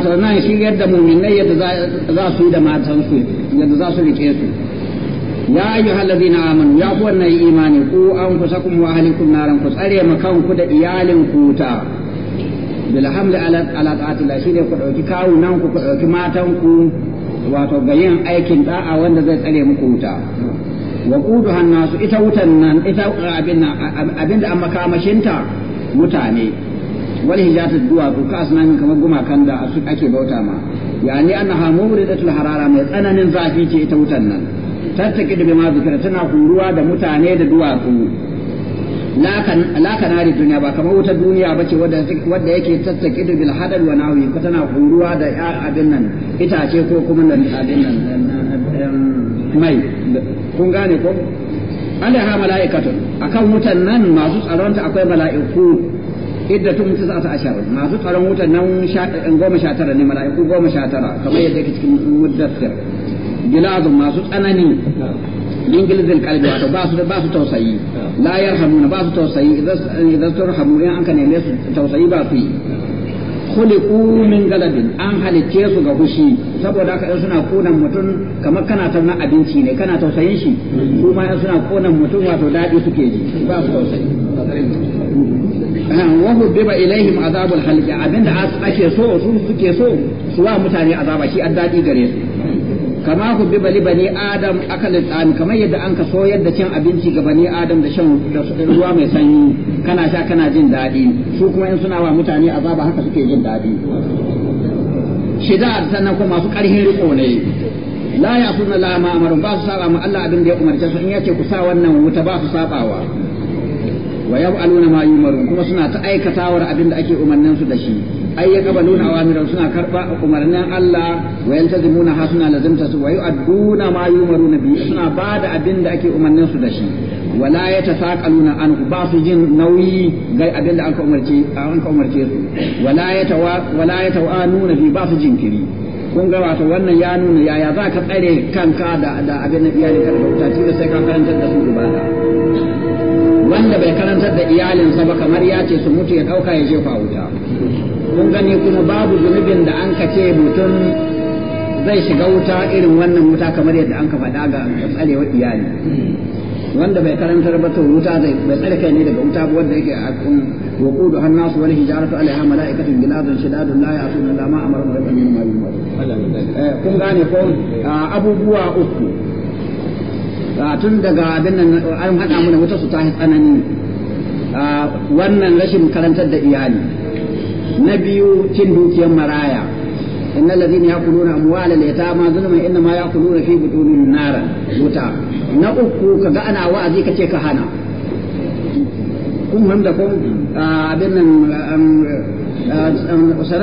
matar nan shi yadda muminai yadda za su yi da matansu yadda za su rike su ya ayyu halazina amanu ya ku wannan imani ku an kusa kuma wa ahlikum naran ku tsare ma kanku da iyalin ku ta bil hamdi ala ala ta'atila shine ku dauki kawunan ku ku dauki matan ku wato ga yin aikin da'a wanda zai tsare muku wuta wa kudu hannasu ita wutan nan ita abin abinda an makamashinta mutane wal duwa duwatsu ka asnamin kamar gumakan da ake bauta ma yani annaha muridatul harara mai tsananin zafi ce ita wutan nan tattaki da ma zikira tana huruwa da mutane da duwatsu lakan kanari duniya ba kamar wutar duniya ba ce wadda yake tattaki da bil hadal wa nawi ko tana huruwa da abin nan itace ko kuma nan abin nan mai kun gane ko alaiha mala'ikatu akan wutan nan masu tsaronta akwai mala'iku idda tun tisa ta ashar masu tsaron wutar nan goma sha tara ne mala'iku goma sha tara kamar yadda yake cikin muddassir gilazun masu tsanani min gilzil kalbi wato ba su ba su tausayi la yarhamuna ba su tausayi idan idan turhamu in an ka neme su tausayi ba su yi khuliqu min galabin an halicce su ga fushi saboda haka suna konan mutum kamar kana na abinci ne kana tausayin shi kuma suna konan mutum wato dadi suke ji ba su tausayi wa hubbiba ilaihim azabul halqa abinda ake so su suke so su wa mutane azaba shi an dadi gare su kama hubbiba li bani adam akal tsam kamar yadda an ka so yadda cin abinci ga bani adam da shan ruwa mai sanyi kana sha kana jin dadi su kuma in suna wa mutane azaba haka suke jin dadi shida sannan kuma masu karhin riko ne la ya sunna la ma amaru ba su saba ma Allah abin da ya umarce su in yace ku sa wannan wuta ba su sabawa wa yaf'aluna ma yumarun kuma suna ta aikatawar abin da ake umarnin su da shi ay yaqbaluna awamiran suna karba umarnin Allah wa yaltazimuna ha suna lazimta su wa yu'adduna ma yumaruna bi suna bada abin da ake umarnin su da shi wala yatasaqaluna an ba su jin nauyi ga abin da aka umarce an ka umarce su wala yatawa wala yatawanuna bi ba su jin jinkiri kun ga wato wannan ya nuna yaya za ka tsare kanka da abin da iyali ka da wuta tilas sai ka karantar da su gaba wanda bai karantar da iyalinsa ba kamar ya ce su mutu ya ɗauka ya jefa wuta kun gani kuma babu zunubin da an kace mutum zai shiga wuta irin wannan wuta kamar yadda an ka faɗa ga tsarewa iyali wanda bai karantar ba to wuta zai bai tsare kai ne daga wuta ba wanda yake a kun wuqudu hannasu wal hijaratu alaiha mala'ikatu giladun shidadun la ya'tuna la ma amara bi min eh, kun gane ko ah, abubuwa uku Ah, tun daga abin nan an haɗa mana wuta su tahi tsanani ah, wannan rashin karantar da iyali na biyu cin dukiyar maraya inna alladhina yaquluna amwala al-yatama zulma inna ma yaquluna fi butunin nara wuta na uku kaga ana wa'azi kace ka hana kun hamda kun ah, abin nan um,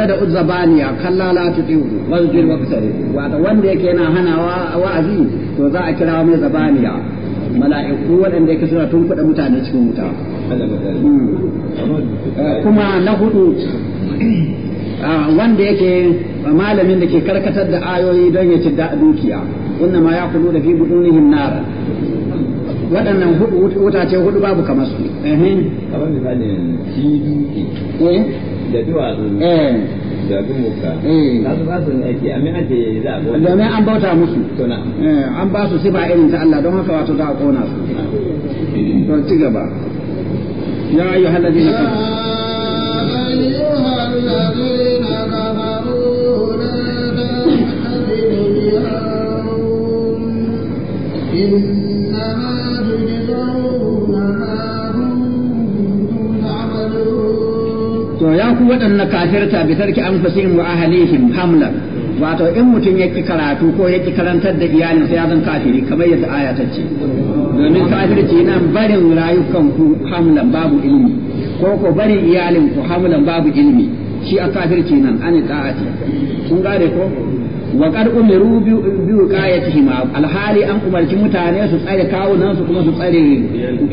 da uzabaniya kalla la tuti'u wazjur waqtari wato wanda yake yana hana wa'azi to za a kira mai zabaniya mala'iku waɗanda yake suna tun kuɗa mutane cikin wuta kuma na hudu wanda yake malamin da ke karkatar da ayoyi don ya ci dukiya wannan ma ya kudu da fi budunihim nara waɗannan hudu wuta ce hudu babu kamar su. Kamar da duwatsu da gumuka za su ake za a domin an bauta musu eh, an ba su sifa irin ta Allah don haka wato za a kona su to ci gaba ya ayyuhal ladina ku waɗannan kafirta bi tarki anfusihim wa ahlihim hamlan wato in mutum ya karatu ko ya karantar da iyalinsa ya zan kafiri kamar yadda aya ta ce domin kafirci nan barin rayukan ku hamlan babu ilimi ko ko barin iyalin ku hamlan babu ilimi shi a kafirci nan an ta'ati kun gare ko wa qad umiru bi wiqayatihima alhali an umarci mutane su tsare kawunan su kuma su tsare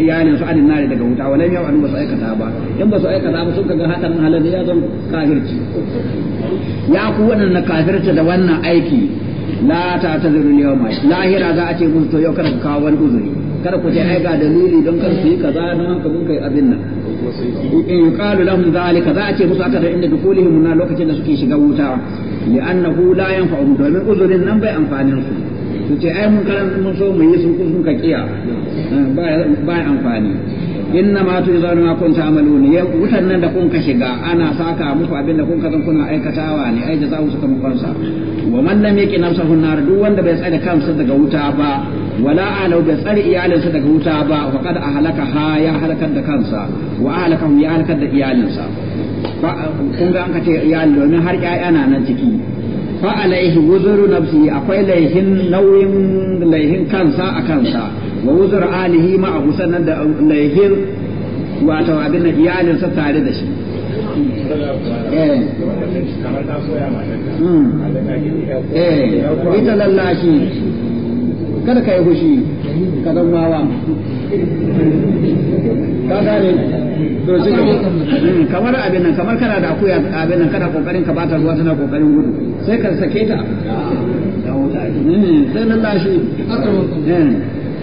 iyalin su anin nare daga wuta walam yau an ba su aikata ba in ba su aikata ba sun kaga hadarin halal ya zan kafirci ya ku wannan kafirta da wannan aiki la ta taziru yawma lahira za a ce musu to yau kada ku kawo wani uzuri kada ku je ai ga dalili don kar su yi kaza don haka mun kai abin nan in yuqalu lahum zalika za a ce musu aka da inda dukulihim na lokacin da suke shiga wuta li'annahu la yanfa'uhum domin uzurin nan bai amfanin su su ce ai mun karan mun so mu yi sun kun ka kiya ba amfani inna ma tu izanu ma kunta amalun ya wutan nan da kun ka shiga ana saka muku abin da kun ka zan kuna aikatawa ne ai da za jazaa'u suka mun kansa wa man lam yaqi nafsahu nar duk wanda bai tsare kansa daga wuta ba wala alau bai tsare iyalinsa daga wuta ba faqad ahlaka ha ya halakar da kansa wa ahlakahu ya halakar da iyalinsa kun ga an ka ce ya domin har ƴaƴa na nan ciki fa alaihi wuzuru nafsi akwai laihin nauyin laihin kansa a kansa wa wuzur alihi ma a sannan da um, laihin wato abin da iyalinsa tare da shi eh. Hmm. eh ita lallashi kada ka yi hushi ka zama wa ka gane Mm, kamar abin nan kamar kana da akuya abin nan kana kokarin ka bata ruwa tana kokarin gudu sai ka sake ta mm, sai na lashi mm.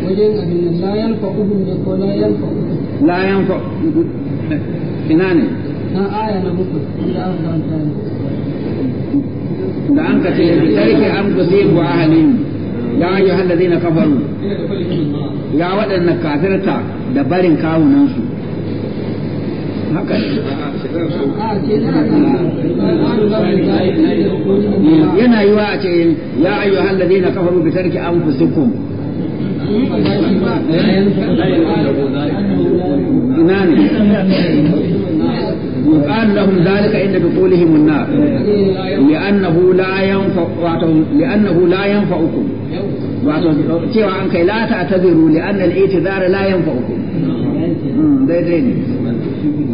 wajen abin nan la yanfa ubun ne ko la yanfa la yanfa ina ne na aya na uku da an karanta da an kace tarki an kusibu ahalin ya ayyuhal ladina kafaru ya waɗannan kafirta da barin kawunansu haka yana yi wa a ce ya ayyuhal ladina kafaru bi tarki anfusikum ina ne يقال لهم ذلك عند دخولهم النار لأنه لا ينفع لأنه لا ينفعكم cewa an kai la ta taziru li anna al-i'tizara la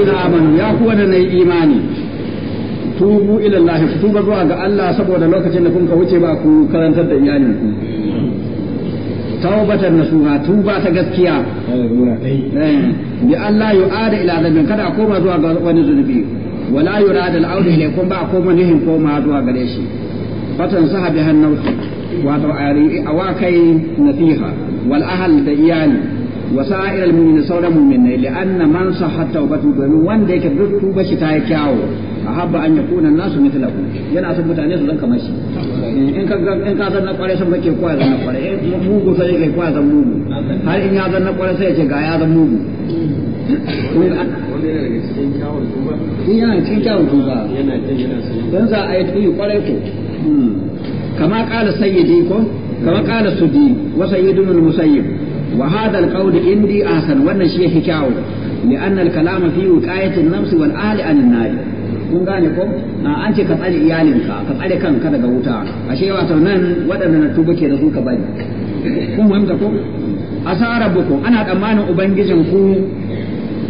alladhina amanu ya ku wadanda yi imani tubu ila Allah ku tuba zuwa ga Allah saboda lokacin da kun ka wuce ba ku karantar da iyali ku tawbatan nasuha tuba ta gaskiya eh, bi Allah yu'ada ila zambin kada a koma zuwa ga wani zunubi wala yurada al-aud ilaykum ba a koma nihin koma zuwa gare shi fatan sahabi hannauki wato a wakai nasiha wal ahal da iyali wa sa'ir al-mu'minin sauran mu'minai li'anna man sahat tawbatu domin wanda yake duk tuba shi ta yi kyawu a ahabba an yakuna nasu mithlahu yana son mutane su zan kamar shi in ka in ka san na kware san kake kwa zan na kware in mugu sai kai kwa zan mugu har in ya zan na kware sai ya ce ga ya zan mugu yana cikin kyawun tuba don za a yi tuyi kwarai ko hmm. kama kala sayyidi ko kama kala sudi wa sayyidun musayyib وهذا القول عندي أحسن وأن شيء كاو لأن الكلام في وقاية النفس والأهل عن النار kun gane ko an ce ka tsare iyalinka ka tsare kanka daga wuta ashe wato nan waɗanda na tuba ke da su ka bari kun fahimta ko asara buku ana tsammanin ubangijin ku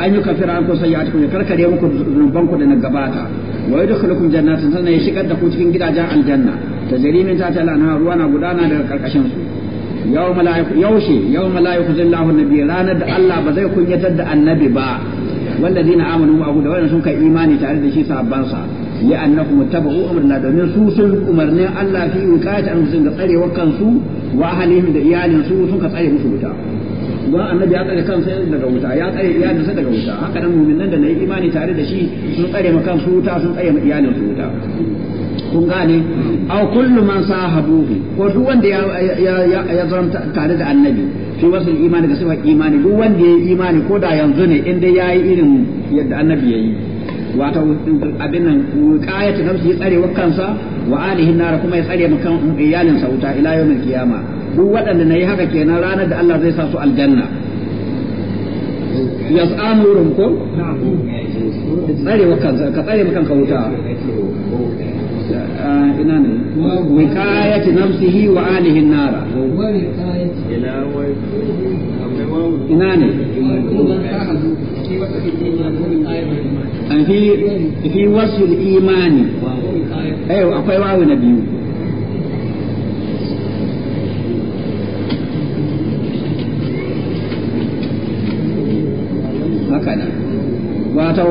an yi kafira an kusa ya cikin karkare muku zunuban ku da na gabata wa yadkhulukum jannatin sannan ya shigar da ku cikin gidajen aljanna tajri jarimin tahtiha al-anhar ruwa na gudana daga karkashin su yawma la yaushe ku la yukhzi Allahu nabi ranar da Allah ba zai kunyatar da annabi ba zina amanu ma'ahu da wannan sun kai imani tare da shi sahabban sa li annahum tabu da domin su sun umarnin Allah fi wiqayat anfusihim da tsare kansu wa ahlihim da iyalin su sun ka tsare musu wuta don annabi ya tsare kansa daga wuta ya tsare iyalinsa daga wuta haka nan mu'minan da nayi imani tare da shi sun tsare ma kansu wuta sun tsare ma iyalinsu wuta kun gane a kullu man sahabuhu ko duk wanda ya ya zamta tare da annabi fi wasu imani da sifar imani duk wanda ya yi imani ko da yanzu ne inda ya yayi irin yadda annabi yayi wato abin nan qayatu nafsi ya tsare kansa wa alihi nar kuma ya tsare makan iyalin sa wuta ila yawmil qiyama duk waɗanda nayi haka kenan ranar da Allah zai sa su aljanna yas'amurum ko tsare kansa ka tsare makan ka wuta ina ne wikayati nafsihi wa alihi nara ina ne fi fi wasu imani akwai wawu na biyu wato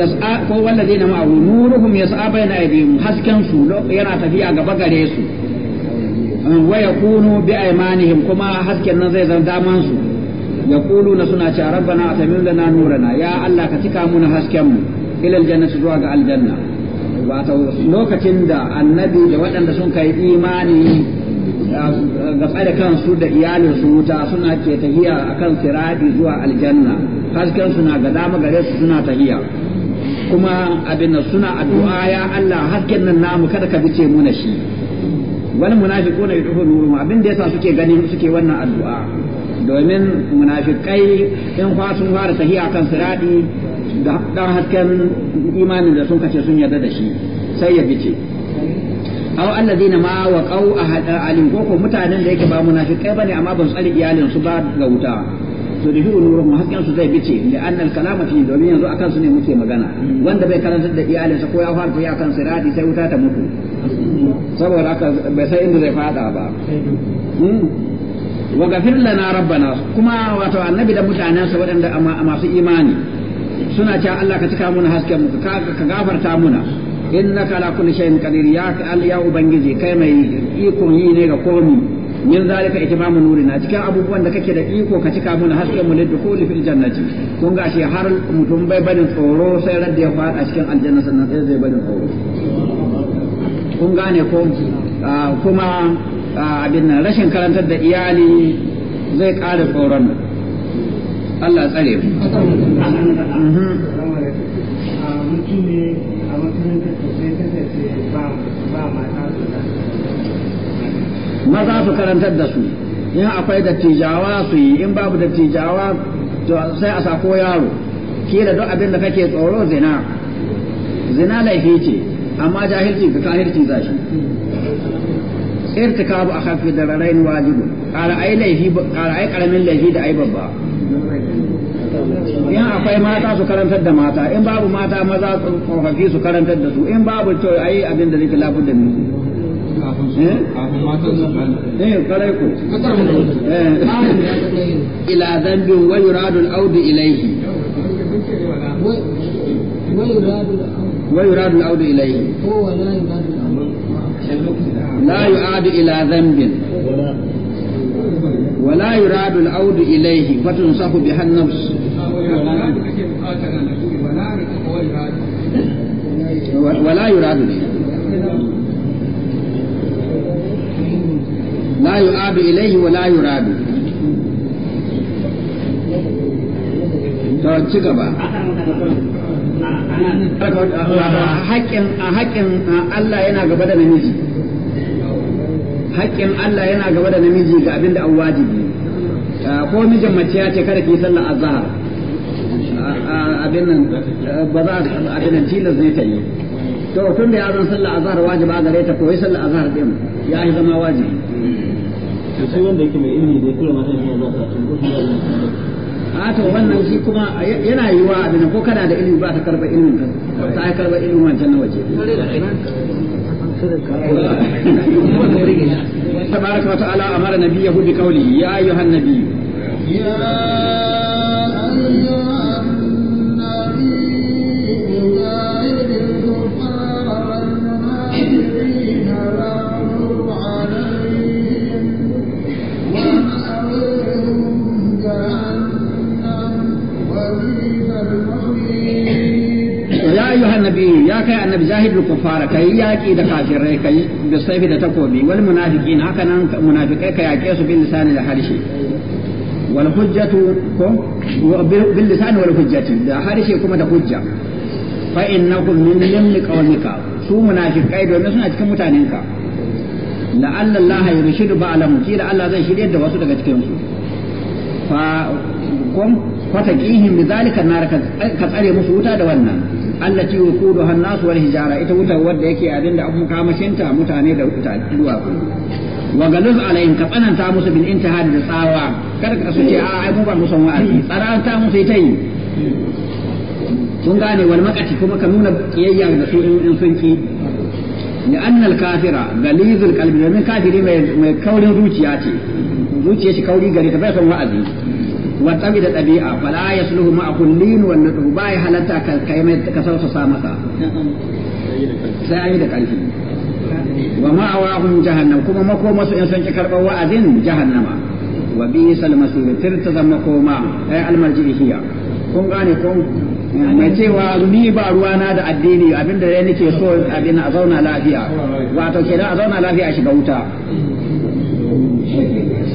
yas'a ko wallazina ma'ahu nuruhum yas'a bayna aydihim hasken su yana tafiya gaba gare su wa yakunu bi aymanihim kuma hasken nan zai zan ya su na suna cewa rabbana atamim lana nurana ya allah ka cika muna hasken mu ila aljannati zuwa ga aljanna wato lokacin da annabi da waɗanda sun kai imani ga tsare kansu da iyalinsu wuta suna ke tahiya akan firadi zuwa aljanna hasken suna ga dama gare su suna tahiya kuma abin nan suna addu'a ya Allah hasken nan namu kada ka bice mu na shi wani munafiquna nuru nurum abin da yasa suke gani suke wannan addu'a domin munafikai in fa sun fara tahiya kan siradi da dan hasken imanin da sun kace sun yarda da shi sai ya bice aw alladhina ma waqau ahad alim ko mutanen da yake ba munafikai bane amma ban tsare iyalin su ba ga wuta tudhiru nuruhum hasken su zai bice da annal kalama fi domin yanzu akan su ne muke magana wanda bai karanta da iyalinsa ko ya farko ya kan sirati sai wuta ta mutu saboda haka bai sai inda zai fada ba hmm? wa gafir lana rabbana kuma wato annabi da mutanensa waɗanda masu imani suna cewa Allah ka cika muna hasken mu ka gafarta muna innaka la kulli shay'in qadir ya al ya ubangiji kai mai iko yi ne ga komi min zalika itimamu nurina cikin abubuwan da kake da iko ka cika mana hasken mu lidukhuli fil jannati kun ga shi har mutum bai barin tsoro sai radda ya fada cikin aljanna sannan sai zai barin tsoro kun gane ko ah, kuma ah, abin nan rashin karantar da iyali zai ƙara tsoron nan Allah tsare mu mhm. ah, mutum ne a makarantar ba mata maza su karantar da su in akwai dattijawa su yi in babu dattijawa sai a sako yaro da duk abin da kake tsoro zina zina laifi ce amma jahilci ka kahirci za shi irtikabu akhaffi dararain wajibu qala ai laifi ƙara'ai ƙaramin laifi da ai babba in akwai mata su karantar da mata in babu mata maza tsofaffi su karantar da su in babu to ai abin da zai da nufi eh kare ku ila dhanbin wa yuradu al لا يعاد إلى ذنب ولا يراد العود إليه فتنصف بها النفس ولا يراد إليه la yu'adu ilayhi wa la yuradu to ci gaba haƙƙin Allah yana gaba da namiji haƙƙin Allah yana gaba da namiji ga abinda da an wajibi ko mijin mace ya ce kada ki sallar azhar abin nan ba za a abin nan tilas ne ta yi to tun da ya zan sallar azhar wajiba gare ta koyi sallar azhar din ya yi zama wajibi shi wanda yake mai ilimi da mata ta a to wannan shi kuma yana yiwa abin ko kana da ilimi ba ta karba ilimin ka ta karba ilimin wancan na waje تبارك وتعالى نبيه nabi ya kai annabi jahidul kuffara kai yaki da kafirai kai da saifi da takobi wal munafiqin haka nan munafikai kai yake su bil lisani da harshe wal hujjatu ko bil lisani wal hujjati da harshe kuma da hujja fa innakum min limni qawmika su munafiqai domin suna cikin mutanenka la'alla Allah ya rushidu ba'alamu kila Allah zai shirye da wasu daga cikin su fa kun kwata kihin bi zalika nar ka tsare musu wuta da wannan allati wuquduha an-nas wal hijara ita wuta wadda yake abin da abu kamashinta mutane da wuta ku wa galuz alaihim ka tsananta musu bil intihad da tsawa kada ka suce a ai mu ba musan wa'azi tsananta musu ita yi kun gane wal makati kuma ka nuna kiyayya da su in sun ki kafiri kafiri mai kaurin zuciya ce. zuciya shi kauri gare ta غريب san wa'azi wattabi da ɗabi'a fala ya sulhu ma kullin wanda nadu ba ya halatta ka kai mai ka sausa sa masa sai an yi da ƙarfi wa ma ma'awahum jahannam kuma makoma su in sanki karɓar wa'azin jahannama wa bi sal masir tirta zama koma ai almarji hiya kun gane ko mai cewa ni ba ruwana da addini abinda ya nake so abin a zauna lafiya wato kenan a zauna lafiya shiga wuta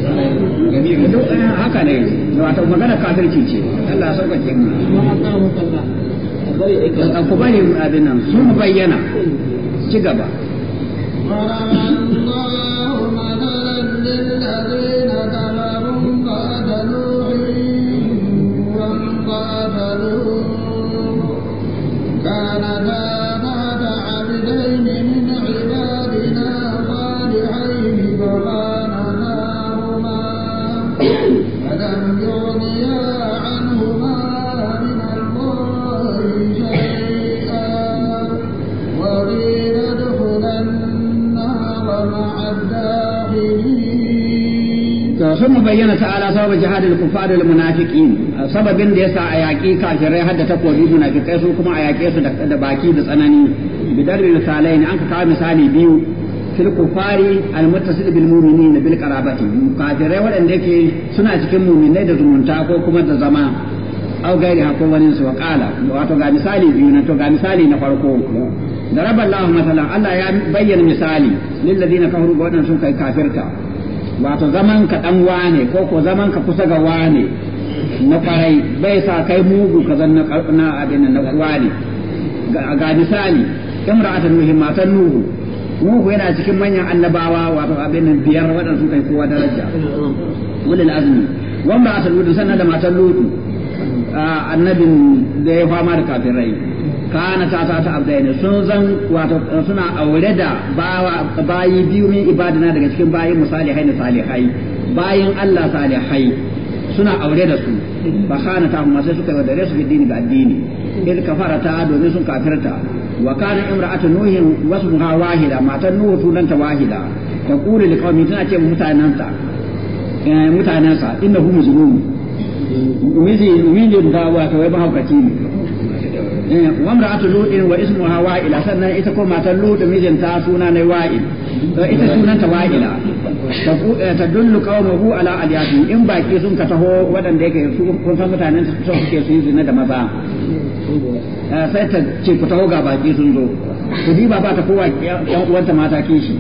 Eh, haka ne wato magana kafirci ce Allah ya sauƙaƙe mu ku bari abin nan sun bayyana ci gaba sun bayyana ta'ala sababin al-kufar al munafiqin sababin da yasa a yaƙi kafirai hadda takobi munafiqai su kuma a yaƙe su da baki da tsanani bidar salai ne an ka kawo misali biyu fil kufari al muttasil bil mu'minin bil qarabati kafirai waɗanda yake suna cikin mu'minai da zumunta ko kuma da zama au gairi hakko wani su wa qala wato ga misali biyu na to ga misali na farko ضرب الله مثلا الله يا بين مثالي للذين كفروا بوانا سن كاي كافرتا wato zaman ka dan wane ko ko zaman ka kusa ga wane na farai bai sa kai mugu ka zan na na abin na wane ga misali imra'atan nuhi matan nuhu nuhu yana cikin manyan annabawa wato abin nan biyar waɗanda sun kai kowa daraja ulul azmi wanda asal wudu sannan da matan lutu ah, annabin da ya fama da kafirai kana ta ta ta ne sun zan wato suna aure da bayi biyu min ibadina daga cikin bayin musalihai ne salihai bayin Allah salihai suna aure da su Ba kana ta amma sai suka da su addini ga addini il ta domin sun kafirta wa kana imra'atu nuhin wasmuha wahida matan nuhu sunanta wahida da kawai tana ce mutananta mutanansa eh, innahu mujrim umiji umiji da wato wai mahaukaci ne Eh, wa mar'atu lu'in wa ismuha wa'ila sannan ita ko matar lutin mijinta suna ne wa'il to eh, ita sunanta wa'ila ta eh, dullu qawmuhu ala aliyati in baki sun ka taho waɗanda yake su kun san mutanen su suke su yi zina da maza sai ta ce ku taho ga baki sun zo ku diba ba ta kowa yan uwanta mata kishi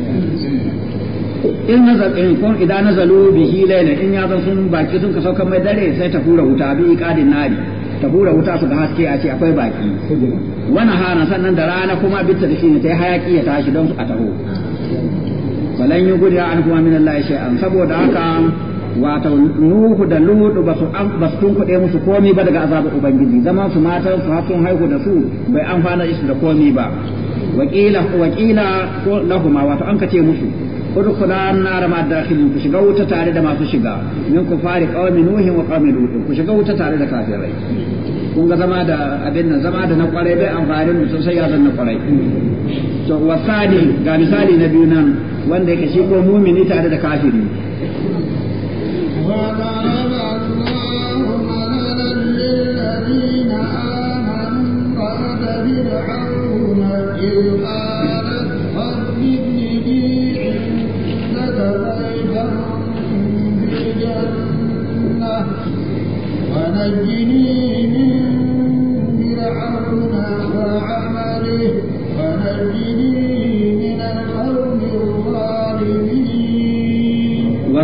in nazar in kun idan nazalu bihi laila in ya zan sun baki sun ka saukan mai dare sai ta hura wuta bi iqadin nari ta bura wuta su ga haske a ce akwai baki wani hana sannan da rana kuma bitta da shi ne ta yi hayaki ya tashi don su a taho balan yi gudu an kuma min Allah shay'an saboda haka wato nuhu da lutu ba su ba su tunkuɗe musu komi ba daga azabar ubangiji zaman su matan su hakun haihu da su bai amfana isu da komi ba wakila wakila lahuma wato an kace musu udkhula an-nar ma dakhilin ku shiga wuta tare da masu shiga min ku fari qaumi nuhin wa qaumi lut ku shiga wuta tare da kafirai kun ga zama da abin nan zama da na kwarai bai amfani mutum sai ya zan na to wasali ga misali na biyu nan wanda yake shi ko mumini tare da kafiri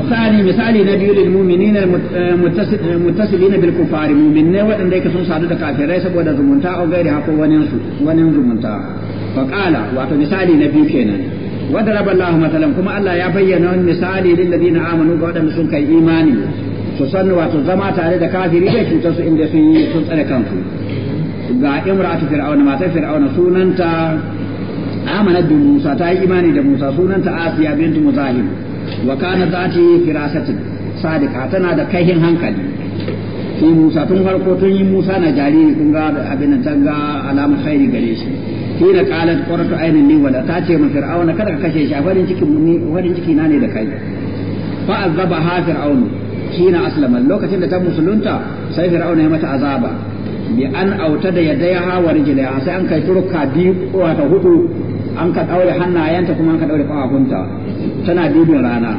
wasani misali na biyu lil mu'minina eh, eh, muttasilina bil kufari mu'minne wadanda yake sun sadu da kafirai saboda zumunta au gairi hako wani su wani zumunta fa qala wato misali na biyu kenan wadaraba Allah masalan kuma Allah ya bayyana wani misali lil ladina amanu ga wadanda sun kai imani su san wato zama tare da kafiri da cutar su inda sun yi sun tsare kansu ga imra'atu fir'auna matar fir'auna sunanta amanat bi Musa ta yi imani da Musa sunanta Asiya bintu Muzahim wa kana zati firasati sadiqa tana da kaihin hankali shi Musa tun farko tun yi Musa na jariri kun ga abin da ga alamar khairi gare shi kina qalat qurratu ainin li wala ta ce ma fir'auna kada ka kashe shi a farin ciki farin ciki na ne da kai fa azaba ha fir'aun kina aslama lokacin da ta musulunta sai fir'auna ya mata azaba bi an auta da ya hawa rijila sai an kai turka biyu ko ta hudu an ka daure hannayenta kuma an ka daure kafafunta tana dubin rana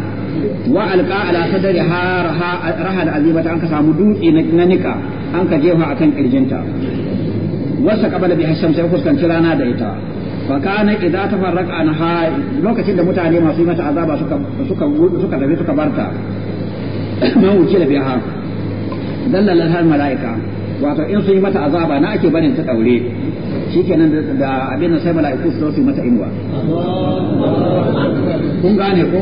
wa alqa ala sadri raha da azibata an ka samu dutse na nika an ka jefa akan kirjinta wasa kabala bi hasham sai fuskanci rana da ita fa kana idza tafarraqa anha lokacin da mutane masu mata azaba suka suka suka tafi suka barta man wuce da biha dallal malaika wato in sun yi mata azaba na ake barin ta daure shikenan da abin sai mala'iku su su mata inuwa kun gane ko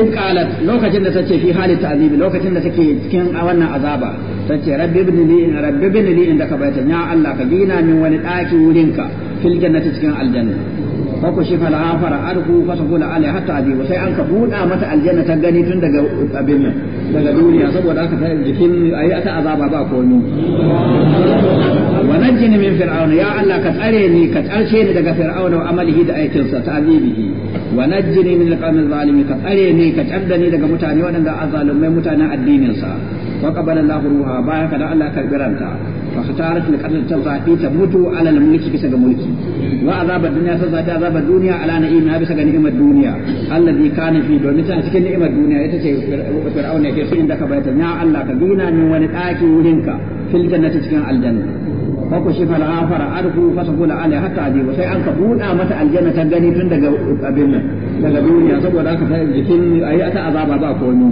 in qalat lokacin da tace fi hali ta'zibi lokacin da take cikin wannan azaba tace rabbi ibn li rabbi ibn li ka ya Allah ka gina min wani daki wurinka fil jannati cikin aljanna fa ku shifa al'afar arhu fa taqulu alai hatta abibu sai an ka buɗa mata aljanna ta gani tun daga abin nan daga duniya saboda aka ta jikin ayi ta azaba ba komi wa najjini min fir'auna ya Allah ka tsare ni ka tsarce ni daga fir'auna wa amalihi da aikinsa ta abibihi wa najjini min alqawmi zalimi ka tsare ni ka canza ni daga mutane waɗanda azalumai mutanen addinin sa wa qabala Allah ruha baya ka da Allah karbiranta fa khatarat li qadar ta ta mutu ala mulki bisa ga mulki wa azabar dunya ta zabi azabar duniya ala na'ima bisa ga ni'imar duniya allazi kana fi domin ta cikin ni'imar duniya ita ce fir'auna ke so inda ka bayyana ya Allah ka duna min wani daki wurinka fil jannati cikin aljanna fako shi fal afara arfu fasaqula alai hatta ajibu sai an ka buɗa mata aljanna ta gani tun daga abin nan daga duniya saboda haka sai jikin ayi ta azaba ba komi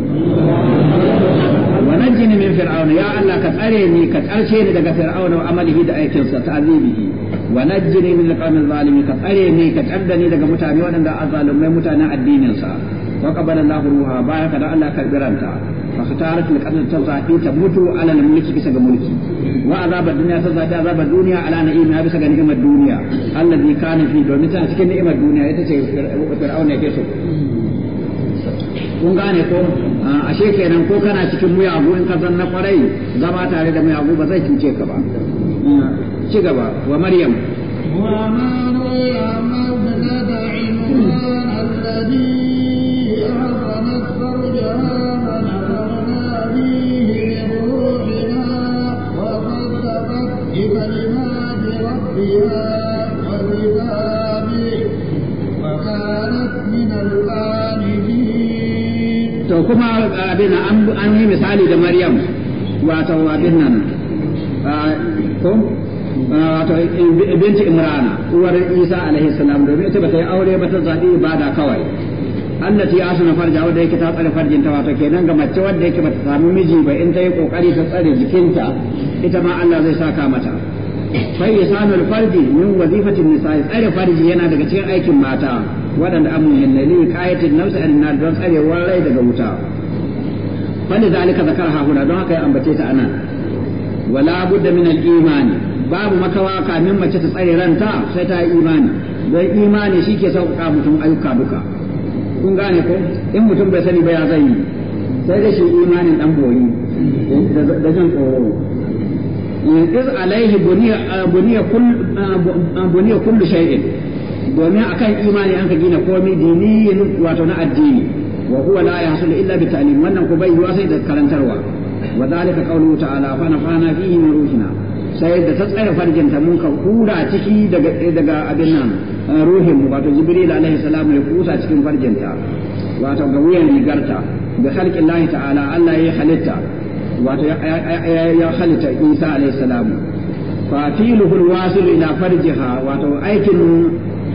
wa najjini min fir'auna ya Allah ka tsare ni ka tsarce ni daga fir'auna wa amalihi da aikin sa ta'azibihi wa najjini min alqawmi zalimin ka tsare ni ka tsardani daga mutane waɗanda azalumai mutanen addinin sa wa qabala Allahu ruha baya kada Allah karbiranta fa khatarat al-qadr ta mutu ala mulki bisa ga mulki wa azaba dunya sai zata azaba dunya ala na'im ya bisa ga ni'imar dunya allazi kana fi domin tana cikin ni'imar dunya ita ce fir'auna yake so kun gane ko ashe kenan ko kana cikin abu in ka zanna kwarai zama tare da abu ba zai cuce ka ba ci gaba wa maryam الذي أعطنت فرجها فنفرنا به to kuma ah, abin an yi misali da maryam wato abin nan ah, ko ah, wato binti imrana uwar isa alaihi salam domin ita ba ta yi aure ba ta zabi ibada kawai allati asuna farja wanda yake ta tsare farjin ta wato kenan ga mace wanda yake bata samu miji ba in ta yi kokari ta tsare jikinta ita ma Allah zai saka mata fa yasanul farji min wazifatin nisa tsare farji yana daga cikin aikin mata waɗanda an muhimmai li kayatin nafsi an na don tsarewar rai daga wuta wanda zalika kar hahuna don haka ya ambace ta anan wala budda min al imani babu makawa kamin mace ta tsare ranta sai ta yi imani don imani shi ke sauƙaƙa mutum ayyuka duka kun gane ko in mutum bai sani ba ya zai yi sai da shi imanin dan boyi da jan tsoro iz alaihi buniya buniya kullu shay'in domin akan imani an ka gina komai diniyin wato na addini wa huwa la yahsul illa bi ta'lim wannan ku bai yiwa sai da karantarwa wa zalika qawluhu ta'ala fa nafana fihi min ruhina sai da ta tsaya farjin ta mun ka kura ciki daga daga abin nan eh, ruhin mu wato jibril alaihi salam ya kusa cikin farjin ta wato ga wuyan rigarta da halkin lahi ta'ala Allah ya halitta wato ya halitta Isa alaihi salam fatiluhu alwasil ila farjiha wato aikin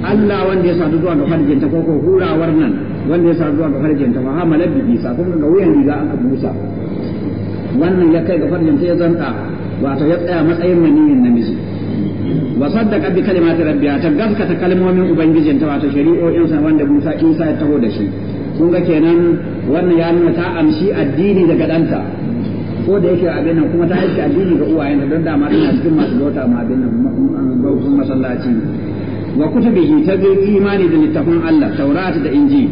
Allah wanda ya sadu zuwa ga farjin ta koko hurawar nan wanda ya sadu zuwa ga farjin ta ha malabi bi bisa kun ga wuyan riga aka busa wannan ya kai ga farjin ta ya zanta wato ya tsaya matsayin maniyin namiji wa saddaqa bi kalimati rabbiha ta gaskata kalmomin ubangijin ta wato shari'o'in sa wanda Musa Isa ya taho da shi kun ga kenan wannan ya nuna ta amshi addini daga danta ko da yake abin nan kuma ta aiki addini ga uwayen da da ma tana cikin masu bauta ma abin nan masallaci wa kutubihi ta zai imani da littafin Allah taurata da inji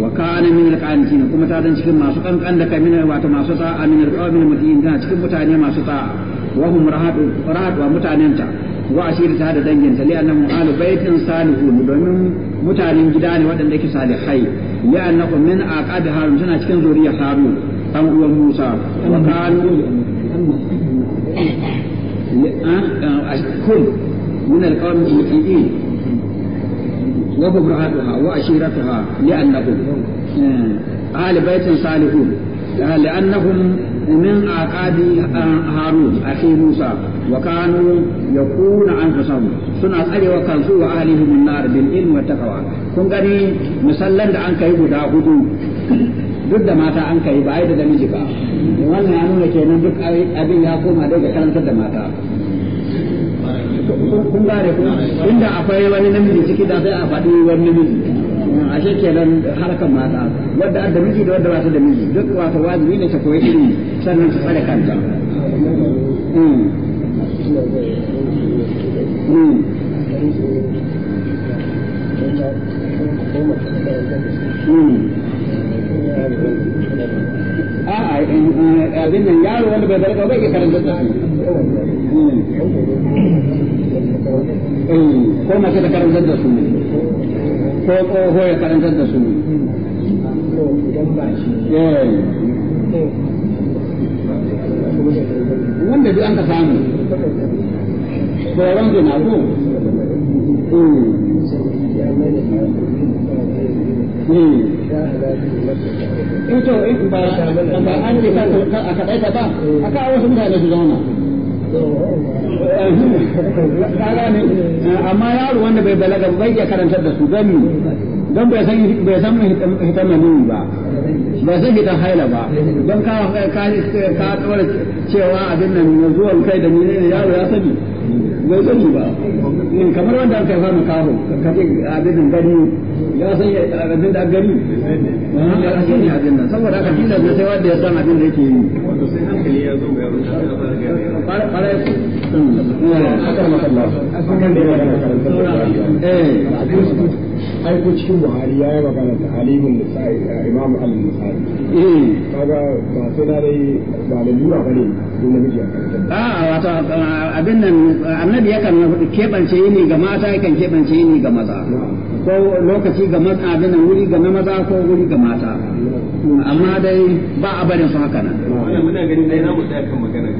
wa kana min alqanitin kuma ta dan cikin masu kankan da kai min wato masu ta'a min alqawmin mutin tana cikin mutane masu ta'a wa hum rahatu rahatu wa mutanenta wa ashirata da danginta li annahu alu baitin salihun domin mutanen gida ne waɗanda ke salihai Ya annahu min aqad harun tana cikin zuriyar harun dan uwan Musa wa kanu ah, ah, kun min alqawmin mutin وبراءتها وأشيرتها لأنهم آل بيت صالحون لأنهم من أعقاب هارون أخي موسى وكانوا يكون أنفسهم سنة ألي وكنسوا وأهلهم النار بالعلم والتقوى كن غني مسلم عن كيف دا هدو duk da mata an kai ba da namiji ba wannan ya nuna kenan duk abin ya koma daga karantar da mata kun gane ku inda akwai wani namiji ciki da sai a faɗi wani namiji ashe kenan harkar mata wadda da miji da wadda ba su da miji duk wato wajibi ne ta koyi ilimi sannan ta tsare kanta hmm. Hmm. Hmm. a'a eh, abin nan yaro wanda bai zarga bai karanta da su ko mace ta karantar da su ko tsoho ya karantar da su wanda duk an ka samu tsoron zina ko ito ba a kaɗaita ba a kawo wasu mutane su zauna Eh, amma yaro wanda bai balaga bai iya karanta da su don don bai san bai san hitan ba bai san hita haila ba don ka ka ka cewa abin nan zuwan kai da ne yaro ya sani bai gani ba kamar wanda aka yi fara kawo ka ce abin gani ya san ya abin da gani ya san ya abin nan saboda aka tilas da sai wanda ya san abin da yake yi wato sai hankali ya zo mai rubuta ya fara gani fara fara aiko cikin buhari ya yi magana da alimin nisa'i imamu alin da eh kaga ba sai na dai ba lalura bane don namiji a karanta a wata eh, abin nan annabi yakan keɓance yini ga mata yakan keɓance yini ga maza ko lokaci ga maza abin nan wuri ga na maza ko wuri ga mata amma dai ba a barin su haka nan wannan muna ganin dai na mu tsaya kan magana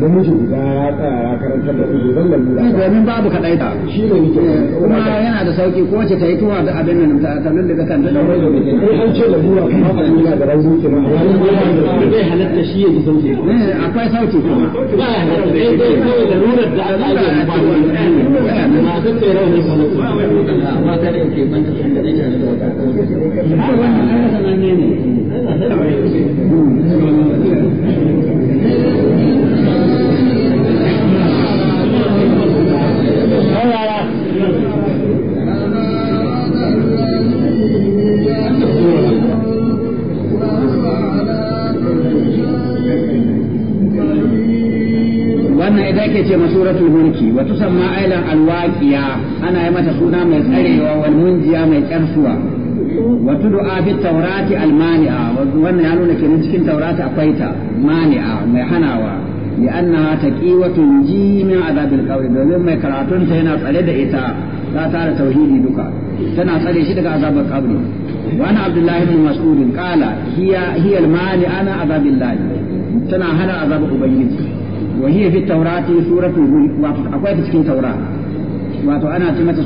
namiji guda ya tsaya ya karantar da su zan lalura shi domin babu da shi ne kuma yana da sauki ko wace ta yi tuwa da abin nan ta daga kan da ko an ce lalura kuma da rauni halatta shi ya ji sauki eh, akwai sauki kuma ba halatta lalurar da ya ba rauni kuma ta da ke ban da da wata ne ita ce masuratul mulki wa tusamma ailan alwaqiya ana yi mata suna mai tsarewa wal munjiya mai karsuwa wa tud'a fi tawrati almani'a wannan ya nuna kenan cikin taurati akwai ta mani'a mai hanawa li'annaha taqiyatun ji min azabil qabr domin mai karatun ta yana tsare da ita ta tara tauhidi duka tana tsare shi daga azabar qabri wa ana abdullah ibn mas'ud qala hiya hiya almani'a ana tana hana azabar ubangiji wa hiya fi tawrati suratul mulk wato akwai ta cikin taura wato ana ce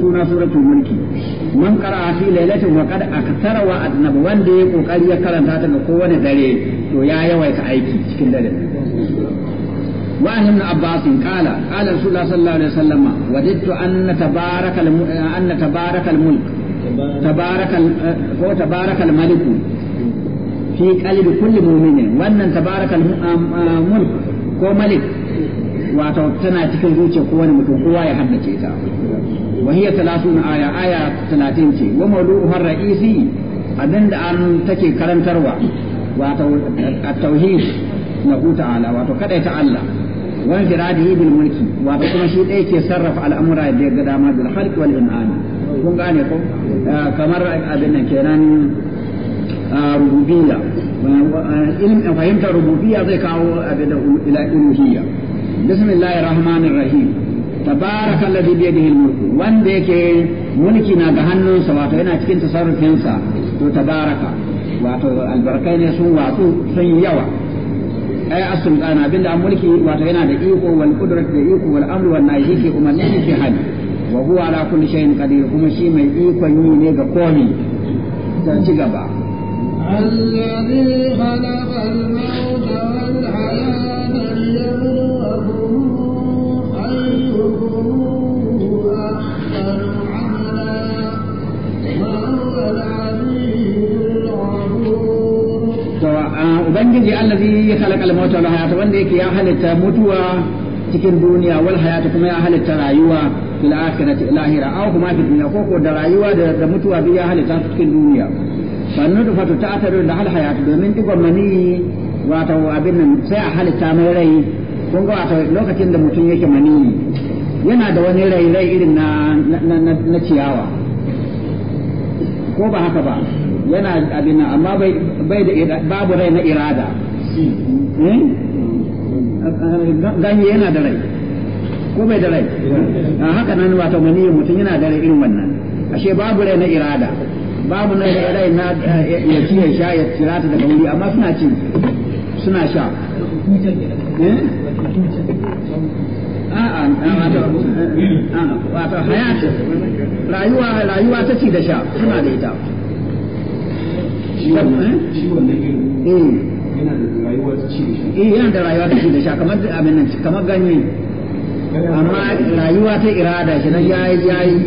suna suratul mulki man qara'a fi lailatin wa qad aktara wa adnaba wanda ya kokari ya karanta ta ga kowane dare to ya yawaita aiki cikin dare وعن ابن عباس قال قال رسول الله صلى الله عليه وسلم وددت أن تبارك أن تبارك الملك تبارك هو تبارك الملك في قلب كل مؤمن وأن تبارك الملك ko malik wato tana cikin zuciya ko wani mutum kowa ya haddace ta wa hiya talatun aya aya talatin ce wa mawdu'uha ar-ra'isi abinda an take karantarwa wato at-tauhid na ta'ala wato ta Allah wa infiradihi bil mulki wato kuma shi ɗaya ke sarrafa al'amura da ya ga dama bil khalqi wal in'ani kun gane ko eh, kamar abin nan kenan rububiya ilmin fahimtar rububiya zai kawo abin ila uluhiyya bismillahir rahmanir rahim tabaraka alladhi bi yadihi mulku wanda yake mulki na ga hannunsa wato yana cikin tasarrufinsa to tabaraka wato albarkai ne sun wato sun yawa ai as-sultan bin da mulki wato yana da iko wal qudrat da iko wal amru wal nahi ke umarni ne ke hali wa huwa ala kulli shay'in qadir kuma shi mai ikon yi ne ga komai ta ci gaba الذي Ubangiji allazi ya halaka al wal wanda yake ya halitta mutuwa cikin duniya wal hayata kuma ya halitta rayuwa fil akhirati lahira aw kuma fi dunya ko ko da rayuwa da mutuwa bi ya halitta cikin duniya sannu da fatu ta ataru da hal hayatu domin digon mani wato abin nan sai a halitta mai rai kun ga wato lokacin da mutum yake mani yana da wani rai rai irin na na ciyawa ko ba haka ba yana abin nan amma bai bai da babu rai na irada ganye yana da rai ko bai da rai haka nan wato mani mutum yana da rai irin wannan ashe babu rai na irada babu na rai na eh, ya ci ya sha ya tsira ta daga wuri amma suna ci suna sha eh? eh, a'a wato hayat rayuwa rayuwa ta ci da sha suna da ita yana na rayuwa da sha yana da rayuwa ta ci da sha kamar abin kamar ganye amma rayuwa ta irada shi na ya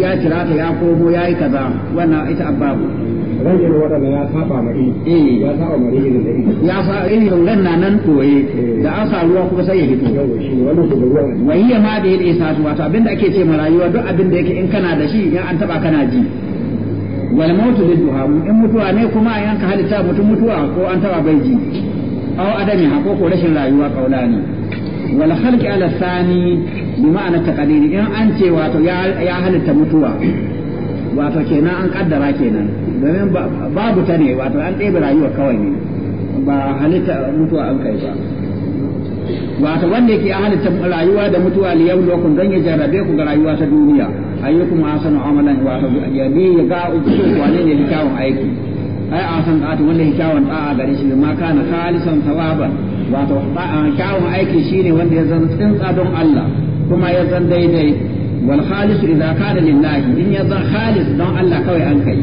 ya kira ta ya komo ya yi kaza wannan ita ababu rajin waɗanda ya saba ma eh ya saba ma ilimi da ilimi ya sa ilimin rungan nan koye eh. da an sa ruwa kuma sai ya fito ya ma da yadda isa su wato abinda ake ce ma rayuwa duk abinda yake in kana da shi in an taba kana ji wal mautu lidduha in mutuwa ne kuma in ka halitta mutum mutuwa ko an taba bai ji aw adami ha ko rashin rayuwa kaulani wal khalqi ala thani bi ma'ana taqdiri in an ce wato ya halitta mutuwa wato kenan an kaddara kenan domin babu ta ne wato an ɗebe rayuwa kawai ne ba halitta mutuwa an kai ba wato wanda yake halitta rayuwa da mutuwa li yau lokun zan ya jarrabe ku ga rayuwa ta duniya ayyukum ahsanu amalan wato ya bi ya ga ku wani ne kyawun aiki ai a ahsan atu wanda ya kyawun da'a gare shi ma kana khalisan sawaban wato kyawun aiki shine wanda ya zama tsintsa don Allah kuma ya zan daidai wal khalis idza kana lillahi in ya zan khalis don Allah kawai an kai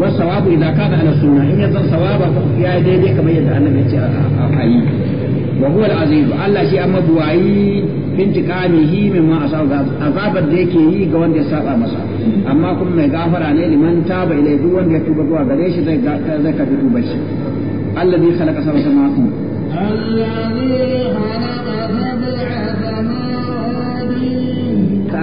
wa sawabu idza kana ala sunna in ya zan sawaba ya daidai kamar yadda annabi ya ce a yi wa huwa al-aziz Allah shi amma buwayi intiqamihi mimma asaba azabar da yake yi ga wanda ya saba masa amma kuma mai gafara ne liman taba ilai duk wanda ya tuba zuwa gare shi zai zai ka tuba shi alladhi khalaqa zai samawati alladhi khalaqa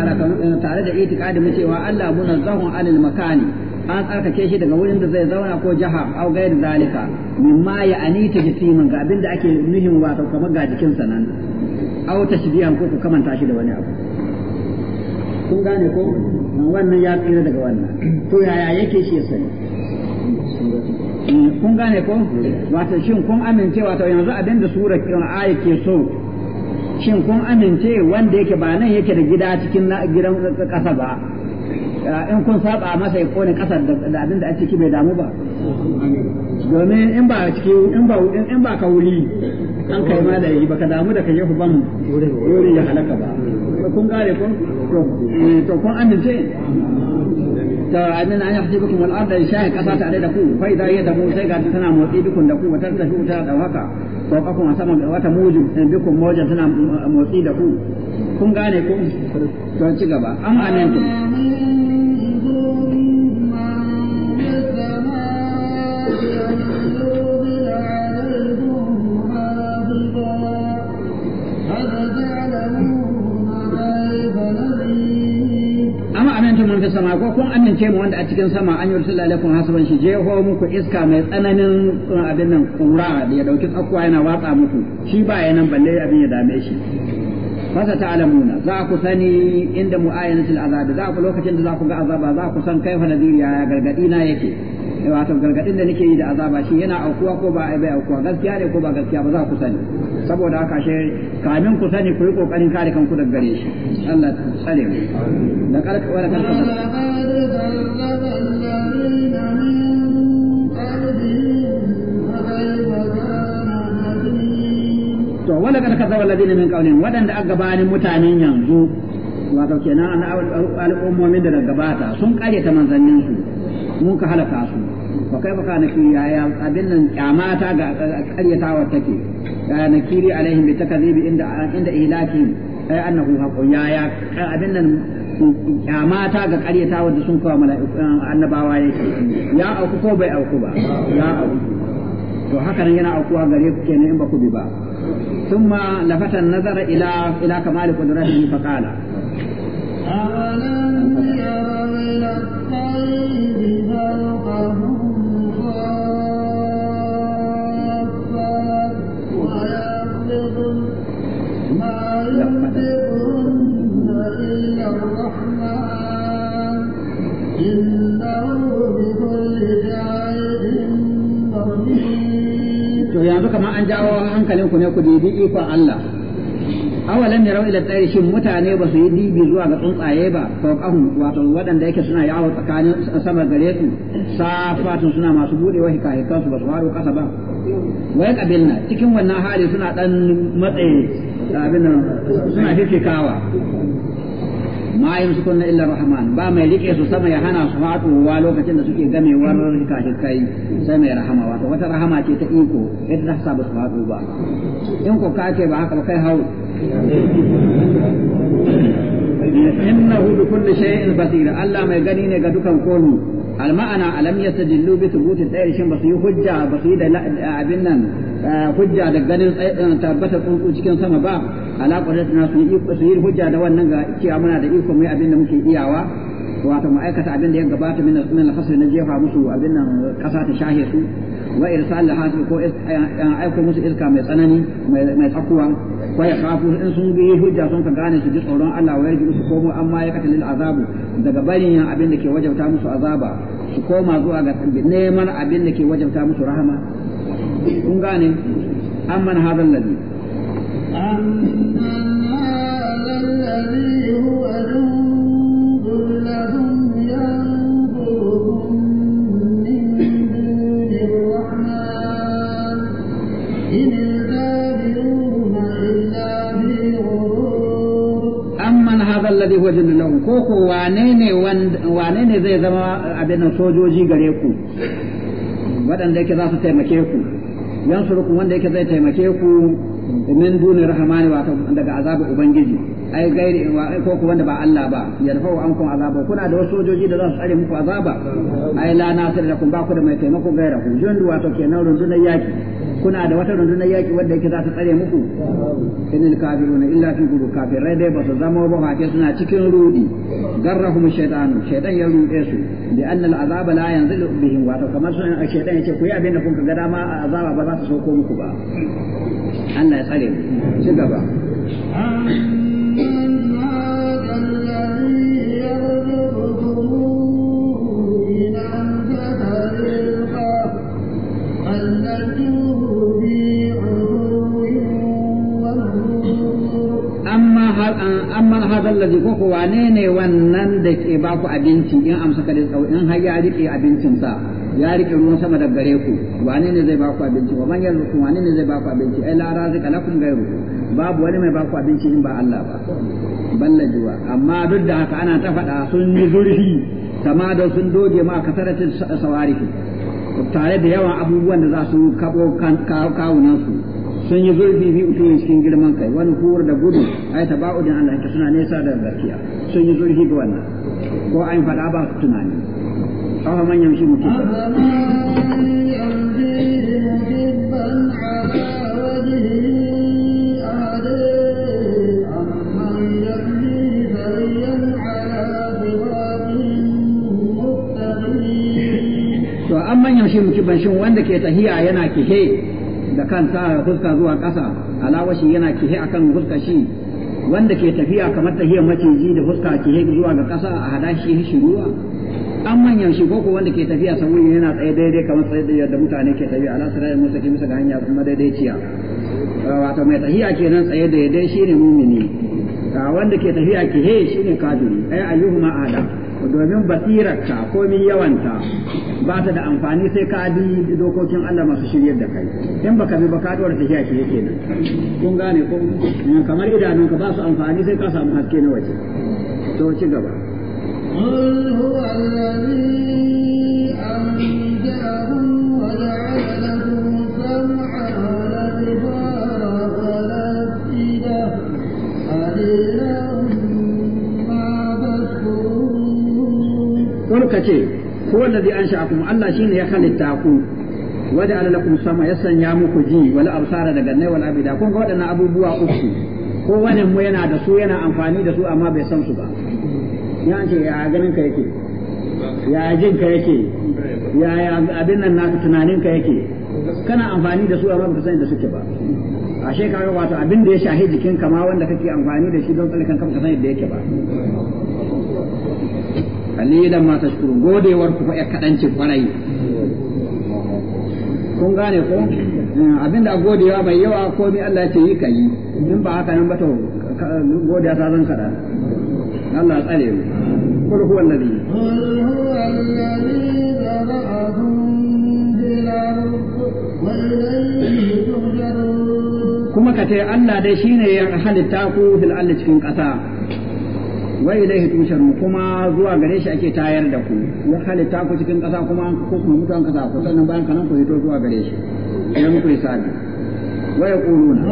ta'ala tare da itikadin cewa Allah munazzahun anil makani an tsarkake shi daga wurin da zai zauna ko jaha au gairi zalika mimma ya anita jisimin ga abin da ake nuhin ta kamar ga jikinsa nan au tashbihan ko ku kamanta shi da wani abu kun gane ko wannan ya tsira daga wannan to yaya yake shi ya sani eh, kun gane ko wato shin kun amince wato yanzu abin da sura ayi ke so shin kun amince wanda yake ba nan yake da gida cikin gidan ƙasa ba in kun saba masa ya kone ƙasar da abin da a ciki bai damu ba domin in ba ciki in ba in ba ka wuri an kai ma da yi baka damu da ka yi ban wuri ya halaka ba kun gare kun eh, to kun amince da annan an yafi wal arda shahi kasa tare da ku fa idza ta mu sai ga tana motsi dukun da ku wa tartafi wuta da haka to ka a sama wata sai dukun mujin tana motsi da ku kun gane ku to ci gaba am amintum fi sama ko kun amince mu wanda a cikin sama an yursu alaikum hasaban shi ho muku iska mai tsananin uh, abin nan kura da ya dauki tsakuwa yana watsa muku shi ba ya nan balle abin ya dame shi fasa ta alamuna za ku sani inda mu'ayyanatul azab za ku lokacin da za ku ga azaba za ku san kai na nadiri ya gargaɗi na yake wato gargadin da nake yi da azaba shi yana aukuwa ko ba bai aukuwa gaskiya ne ko ba gaskiya ba za ku sani saboda haka shi kamin ku sani ku yi kokarin kare kanku daga gare shi Allah tsare mu da karka wa kan to wala kan kaza walladina min kaunin wadanda aka gabanin mutanen yanzu wato kenan al'ummomin da gabata sun kare ta manzannin su mun ka halaka su ba kai fa kana ki yaya abin nan kyamata ga wa take na kiri alaihim bi takdhibi inda inda ilaki ay annahu haqqun yaya abin nan kyamata ga ƙaryata wa sun kawo mala'ikun annabawa yake ya auku ko bai auku ba ya auku to haka nan yana a gare ku kenan in ba ku bi ba thumma lafatan nazara ila ila kamali qudratihi faqala to yanzu kamar an jawo hankalin ku ne ku bibi ikon Allah awalan yarau ila tsari shin mutane ba su yi dibi zuwa ga tsuntsaye ba fawqahum wato waɗanda yake suna yawo tsakanin sama gare su safatun suna masu budewa hikayekan kansu ba su haro kasa ba wai kabilna cikin wannan hali suna dan matsaye abin suna fifikawa ma yamsukunna illa rahman ba mai rike su sama ya hana su wa lokacin da suke gamewar hikahikai sai mai rahama wato wata rahama ce ta iko yadda ta su fatu ba in ko kake ba haka ba kai hau innahu bi kulli shay'in basir Allah mai gani ne ga dukan komi المعنى ألم يستدلوا بثبوت الدائر شن بس حجة بسيطة لا أبنا حجة دقل تبت تنقو cikin sama ba ala qadatina su yi su yi hujja da wannan ga cewa muna da iko mai abin da muke iyawa wato mu aikata abin da ya gabata min min na jefa musu abin nan kasa ta shahe su wa irsal hafi ko aiko musu iska mai tsanani mai tsakuwa ko ya kafu in sun bi hujja sun ka gane su ji tsoron Allah wa yaji su komo amma ya katalil azabu daga barin abin da ke wajabta musu azaba su koma zuwa ga neman abin da ke wajabta musu rahama kun gane amman hadal ladhi amman hadal ladhi alladhi huwa jundun lahum ko ko wane ne wane ne zai zama abin sojoji gare ku waɗanda yake za su taimake ku yan surukun wanda yake zai taimake ku min duni rahmani wa daga azabu ubangiji ai gairi ko ko wanda ba Allah ba yarfa'u ankum azaba kuna da wasu sojoji da za su tsare muku azaba ai la nasir lakum ba ku da mai taimako gaira jundu wato kenan rundunar yaki kuna da wata rundunar yaƙi wadda yake za ta tsare muku inil kafiruna illa fi gudu kafirai dai ba su zama ba fa suna cikin rudi garrahum shaytanu shaytan ya rude su bi anna al azab la yanzilu bihim wa kamar sun shaytan yace ku yi abin da kun ga dama azaba ba za ta sauko muku ba Allah ya tsare shi ci gaba هذا الذي ne وانيني ونن دكي باكو أبنتي إن أمسك رزقه إن هيا tsau in har ya rike ruwan sama da gare ku wane ne zai baku abinci wa man yarzuku wane ne zai baku abinci ai la razika lakum gairu babu wani mai baku abinci in ba Allah ba ballajuwa amma duk da haka ana ta faɗa sun yi zurfi kama da sun doge ma kasaratin sawarihi tare da yawan abubuwan da za su kabo kawunan su sun yi zurfi fi ne cikin girman kai wani kuwar da gudu yi taba'udin Allah ta suna nesa da gaskiya sun yi zurfi ga wannan ko an faɗa ba su tunani awa manyan shi mutum to an manyan shi mutum shin wanda ke tahiya yana kihe da kanta fuska zuwa ƙasa ala yana kihe a kan fuska shi wanda ke tafiya kamar tahiyar maciji da fuska kihe zuwa ga ƙasa a hada shi shi ruwa an manyan shi koko wanda ke tafiya saboda yana tsaye daidai kamar tsaye da yadda mutane ke tafiya ala sirai musa ke musa ga hanya kuma daidaiciya wato mai tahiya kenan tsaye daidai shi ne mumini wanda ke tafiya kihe ne kafiri ay ayyuhuma adam domin basirarta komi yawanta ba ta da amfani sai ka bi dokokin Allah masu shiryar da kai in baka bi baka dora ta shi yake nan kun gane ko kamar idanunka ba su amfani sai ka samu haske na waje to ci gaba هو الذي أنشأكم الله شين يخلي التاكو وجعل لكم السمع يسن يا مكجي ولا أبصار دقني ولا أبدا كون قد أنا أبو بوا أكسي هو أنا مينا دسو ينا أنفاني دسو أما بيسم سبا يعني يا أغنن كيكي يا أجن كيكي يا nan na الناس تنانين كيكي kana amfani da su amma baka sani da suke ba ashe kaga wato abin da ya shahi jikin kama wanda kake amfani da shi don tsarkan ka sani da yake ba qalilan ma tashkuru godewar ku fa ya kadanci kwarai kun gane ko eh, abinda a godewa mai yawa ko komai Allah ce yi ka yi in ba haka nan ba to godiya ta zan kada Allah ya tsare mu kul huwa allazi kul huwa allazi zara'akum wa ilayhi tuhjarun kuma ka ce Allah dai shine ya halitta ku fil ard cikin kasa wa ilaihi tusharun kuma zuwa gare shi ake tayar da ku ya halitta ku cikin ƙasa kuma an ku kuma mutu an kasa ku sannan bayan kanan ku hito zuwa gare shi idan muku hisabi wa yaquluna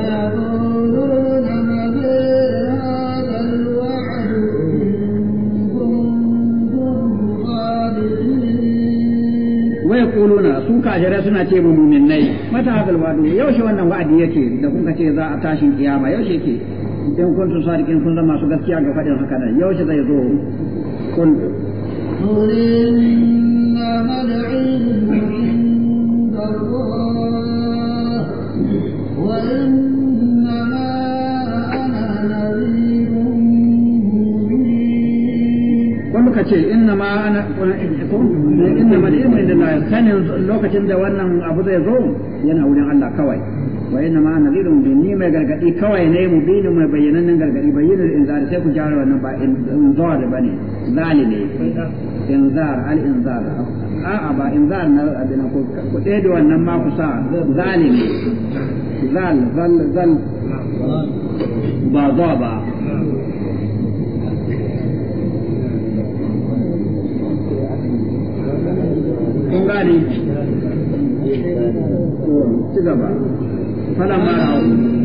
wa yaquluna su kafirai suna ce mu mu'minai mata hadal wa'du yaushe wannan wa'adi yake da kun ce za a tashin kiyama yaushe yake in kuntum sadiqin kun zama su gaskiya ga faɗin haka nan yaushe zai zo kun ce inna ma ana inna ma ilmu inda la lokacin da wannan abu zai zo yana wurin Allah kawai wa inna ma nadhiru mubin ni mai gargadi kawai ne mu mubin mai bayyanannen gargadi bayyanar inzar sai ku gyara wannan ba inzar bane zali ne inzar al inzar a'a ba inzar na abin ko ku dai da wannan ma ku sa zali ne zal zal zal ba za ba kun gane ci gaba فلما رأوا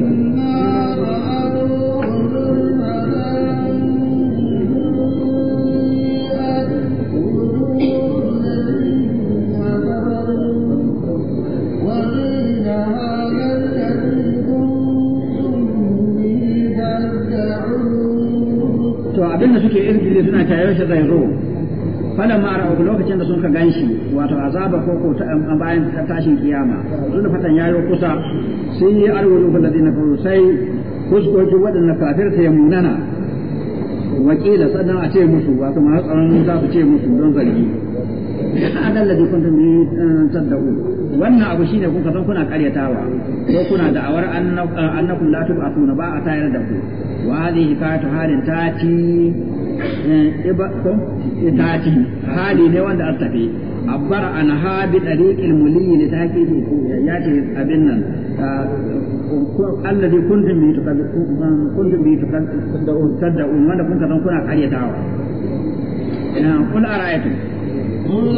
to abin da suke irgide suna tayar shi zai zo falan ma ra'u lokacin da sun ka ganshi wato azaba ko ko ta um, bayan tashin kiyama sun fatan yayo kusa sai yi alwulu alladina kafaru sai kuskoki waɗanda kafirta ya munana wakila sannan a ce musu wato ma tsaron za su ce musu don zargi adal ladhi kuntum bi uh, tad'u wannan abu shine kun san kuna karyatawa ko kuna da'awar uh, annakum la tub'athuna ba a tayar da ku wa hadhihi hikayatu halin tati Eh, itati hali ne wanda an tafi abbar an ha bi tariqil muliyi li taqiqi ya ce abin nan ah, alladhi kuntum bi um, kuntum bi tad'un wanda kun kazan kuna karyatawa qul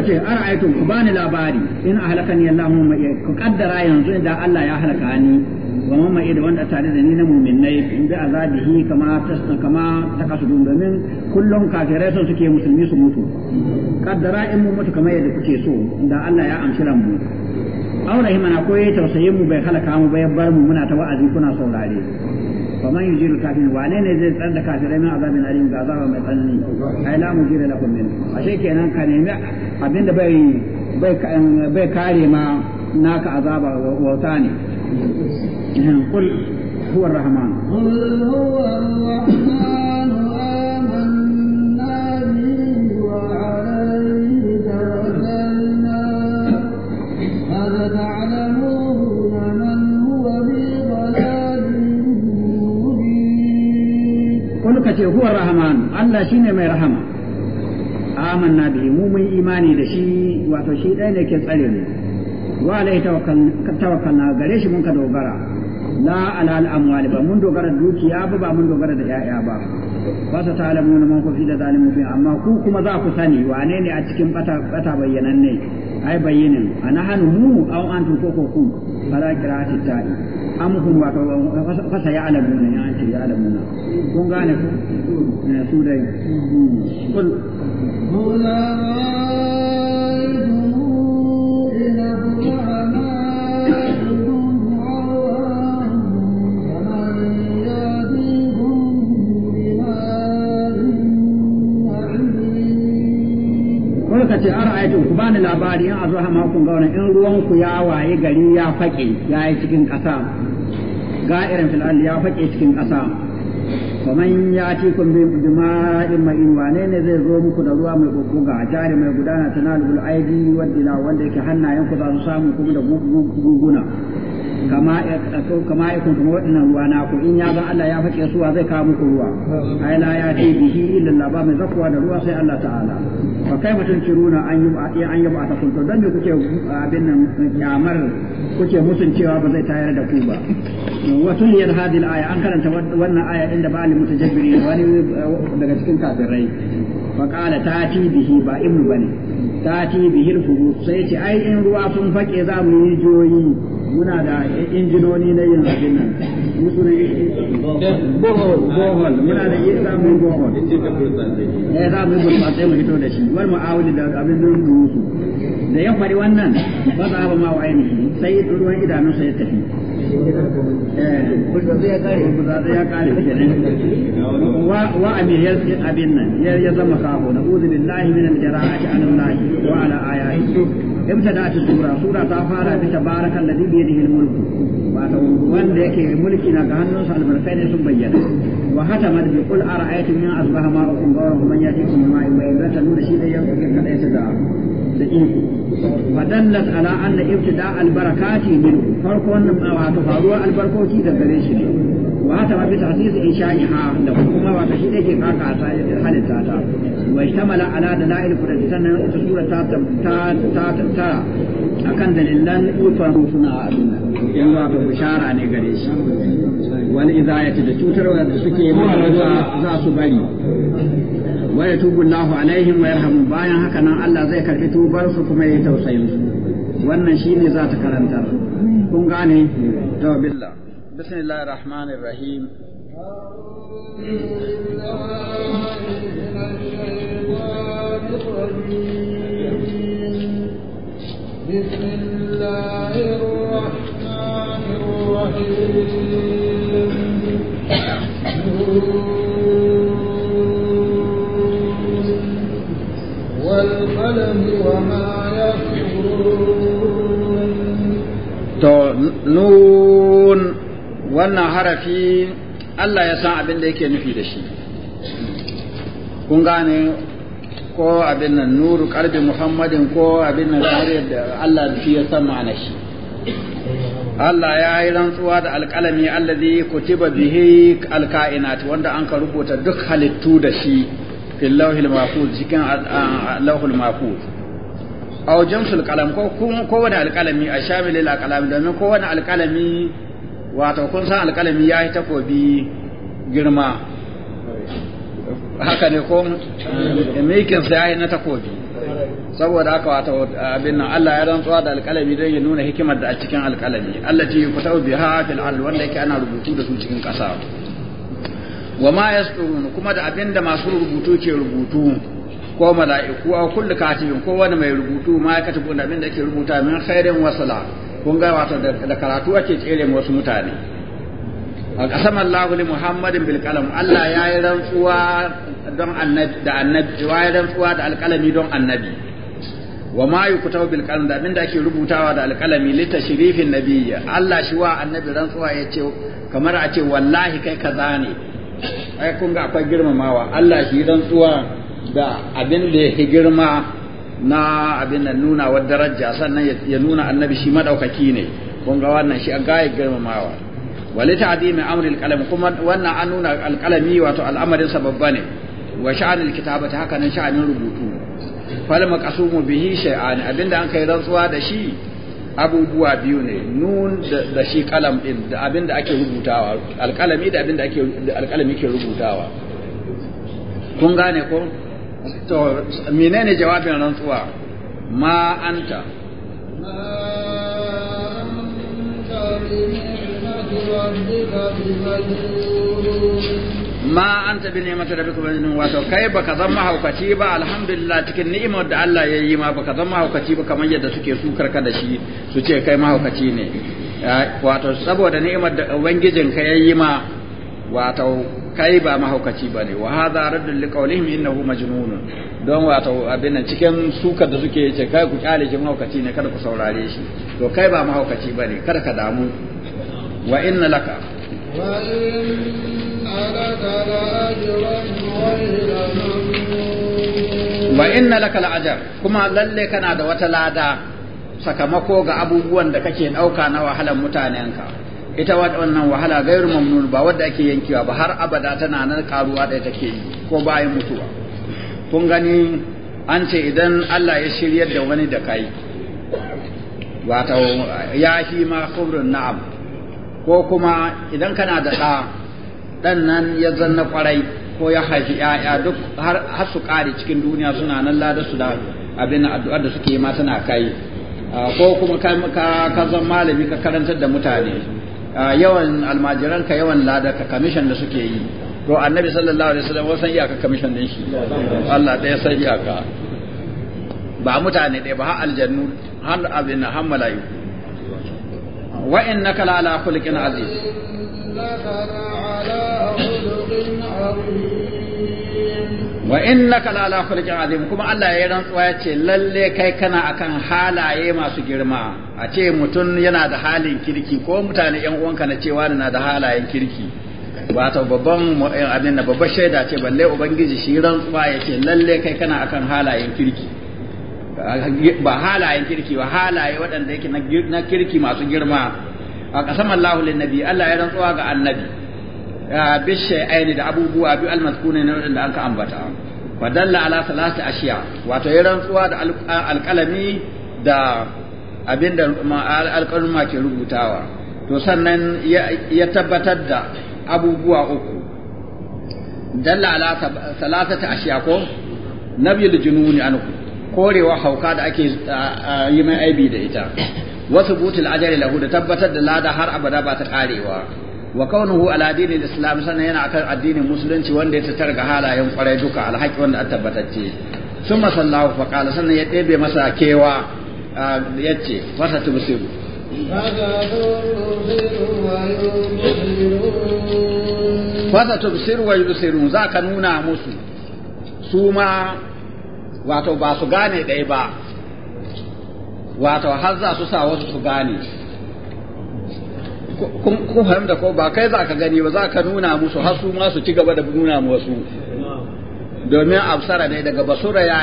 suka ce ara'aytum ku bani labari in ni Allah mu mai ku kaddara yanzu idan Allah ya halaka ni wa mu mai da wanda tare da ni na mu'minai in bi azabihi kama tasna kama takasudun domin kullum kafirai sun suke musulmi su mutu kaddara in mu mutu kamar yadda kuke so da Allah ya amshi ran mu aure mana ko tausayin mu bai halaka mu bai bar mu muna ta wa'azi kuna saurare فمن يجير الكافرين وانين زي تسأل كافرين من عذاب أليم بعذاب من يتأنني أي لا مجير لكم منه أشيء كأنا كان يمع أبين بي بي كاري ما ناك عذاب وثاني قل هو الرحمن قل هو الرحمن ce huwa rahman Allah shine mai rahama na bihi mu mun imani da shi wato shi ɗaya ne ke tsare mu wa alai na gare shi mun ka dogara la ala al amwal ba mun dogara dukiya ba ba mun dogara da yaya ba ba ta na man ku fi da zalimu fi amma ku kuma za ku sani wane ne a cikin bata bata ne ai bayyinin ana hanu mu au antu ko ko ku ala qira'ati ta amhum ka fasa ya alamu ne ya ce ya alamu na kun gane ku ne su dai kun ce ara'aytum ku bani labari in azuha ma kun ga in ruwan ku ya waye gari ya fake yayi cikin ƙasa ga'irin fil ardi ya fake cikin ƙasa ci kun bi dima'in ma'in wane ne zai zo muku da ruwa mai goggoga a jari mai gudana tanalul aidi wadda wanda yake hannayen ku za su samu kuma da guguna kama kama kun kuma waɗannan ruwa na ku in ya ga Allah ya fake suwa zai kawo muku ruwa ai la ya ti bihi illa Allah ba mai zakwa da ruwa sai Allah ta'ala fa kai mutun kiruna an yi an yi ba ta kun to dan me kuke abin nan kyamar kuke musun cewa ba zai tayar da ku ba وتليت هذه الآية أنكر أنت وانا آية عند بعض المتجبرين واني daga cikin kafirai فقال تاتي به با ابن بني تاتي به الفجور sai ce ai in ruwa sun fake za mu yi joyi muna da injinoni na yin abin nan musu ne bohol bohol muna da yin za mu yi bohol eh za mu yi bohol sai mu fito da shi wal mu'awili da abin nan da da ya fari wannan ba za ba ma wa ainihi sai ruwan idanunsa ya tafi Eh. wa amir ya abin nan ya zama kafo na uzu billahi min al-jara'ati an Allah wa ala ayati ibtada'at sura sura ta fara bi tabarakal ladhi bi yadihi al-mulk wato wanda yake mulki na ga hannunsa albarkai ne sun bayyana wa hatamat bi qul ara'aytum min asbaha ma'ukum wa man wa shi da kadai da iko fadallat ala anna ibtida albarakati min farko wannan da gare shi ne wa ta ma bisa hadisi in sha iha da kuma wato shi ne ke kaka a halin tata wa ishtamala ala dalail kudati sannan ita sura ta ta ta ta ta akan dalilan ufar suna a in za ta ne gare shi wani idayati da cutarwa da suke yi za su bari wa yatubu Allahu alaihim wa yarhamu bayan haka nan Allah zai karbi tubar su kuma ya tausayin su wannan shine za ta karanta kun gane to billah bismillahir rahmanir rahim بسم الله الرحمن الرحيم والقلم وما يسرون to nun wannan harafi Allah ya san abin da yake nufi da shi kun gane ko abin nan nuru karbi muhammadin ko abin nan tare da Allah da shi ya san ma'ana shi Allah ya yi rantsuwa da alƙalami Allah allazi kutiba bihi alka'inat wanda an ka rubuta duk halittu da shi fil mahfuz cikin lawhul mahfuz aw jamsul qalam ko ko wani alqalami a shamilil alqalami domin ko wani alqalami wato kun san alqalami ya yi takobi girma haka ne ko mikin sa yayi na takobi saboda haka wato abin nan Allah ya rantsuwa da alqalami don ya nuna hikimar da a cikin alqalami Allah ce ku tau biha fil ard wanda yake ana rubutu da su cikin ƙasa wa ma yasturun kuma da abinda masu rubutu ke rubutu ko mala'iku a kullu katibin ko wani mai rubutu ma ya katibu da abinda ke rubuta min khairin wasala kun ga wato da karatu ake tsere wasu mutane a kasam Allah li Muhammadin bil kalam Allah ya yi rantsuwa don annabi da annabi ya yi rantsuwa da alqalami don annabi wa ma yukutabu bil kalam da abinda ake rubutawa da alqalami li tashrifin nabiyya Allah shi wa annabi rantsuwa yace kamar a ce wallahi kai kaza ne ai kun ga akwai girmamawa Allah shi rantsuwa da abin da yake girma na abin da nuna wa daraja sannan ya nuna annabi shi madaukaki ne kun ga wannan shi ga girmamawa wali ta'dimi amril qalam kuma wannan an nuna alqalami wato al'amarin sa babba ne wa kitaba ta haka nan sha'anin rubutu fal maqsumu bihi shay'an abinda an kai rantsuwa da shi abubuwa biyu ne nun da shi kalam din da abin da ake rubutawa alkalami da abin da ake alkalami ke rubutawa kun gane ko to menene jawabin rantsuwa ma anta ma anta ma anta bi ni'mati rabbika majnun wato kai baka zan mahaukaci ba alhamdulillah cikin ni'imar da Allah ya yi ma baka zan mahaukaci ba kamar yadda suke sukar ka da shi su kai mahaukaci ne wato saboda ni'imar da ubangijin ka ya yi ma wato kai ba mahaukaci ba ne wa hadha raddul liqawlihim innahu majnun don wato abin nan cikin sukar da suke ce kai ku kyale shi mahaukaci ne kada ku saurare shi to kai ba mahaukaci ba ne kada ka damu wa inna laka wa wa inna laka la'ajar kuma lalle kana da wata lada sakamako ga abubuwan da kake ɗauka na wahalar mutanenka ita wannan wahala gairu mamnun ba wadda ake yankewa ba har abada tana nan karuwa da take yi ko bayan mutuwa kun gani an ce idan Allah ya shiryar da wani da kai wato ya shi ma khumrun na'am ko kuma idan kana da ɗa dan nan ya zanna farai ko ya haifi ‘ya'ya duk har su ƙare cikin duniya suna nan lada su da abin addu'ar da suke ma suna kai ko kuma ka zan malami ka karantar da mutane yawan almajiran ka yawan lada ka kamishan da suke yi to annabi sallallahu alaihi wasallam wasan iyaka kamishan din shi Allah ɗaya san iyaka ba mutane ɗaya ba har aljannu har abin har mala'iku wa innaka la ala khuluqin aziz wa innaka la ala khuluqin azim kuma Allah ya rantsuwa ya ce lalle kai kana akan halaye masu girma a ce mutum yana da halin kirki ko mutane yan uwanka na cewa na da halayen kirki wato babban eh, abin da babbar shaida ce balle ubangiji shi rantsuwa ya ce lalle kai kana akan halayen kirki ba halayen kirki ba halaye waɗanda yake na kirki masu girma a kasam Allahu lin nabi Allah ya rantsuwa ga annabi bishe aini da abubuwa biyu almazkunin na wadanda an ka ambata wa dalla ala salati ashiya wato ya rantsuwa da alkalami da abinda alkalma ke rubutawa to sannan ya tabbatar da abubuwa uku dalla ala salatati ashiya ko nabiyul jununi anhu korewa hauka da ake yi mai aibi da ita wasu butul ajali lahu da tabbatar da lada har abada ba ta karewa wa kaunuhu ala dini islam sannan yana akan addinin musulunci wanda ya tattara ga halayen kwarai duka alhaki wanda an tabbatacce sun sallahu fa qala sanan ya debe masa kewa yace fasa tubsiru fasa tubsiru wa yubsiru za ka nuna musu su ma wato ba su gane ɗaya ba wato har za su sa wasu su gane kun fahimta ko ba kai za ka gani ba za ka nuna musu har su ma su ci gaba da nuna wasu domin absara ne daga basura ya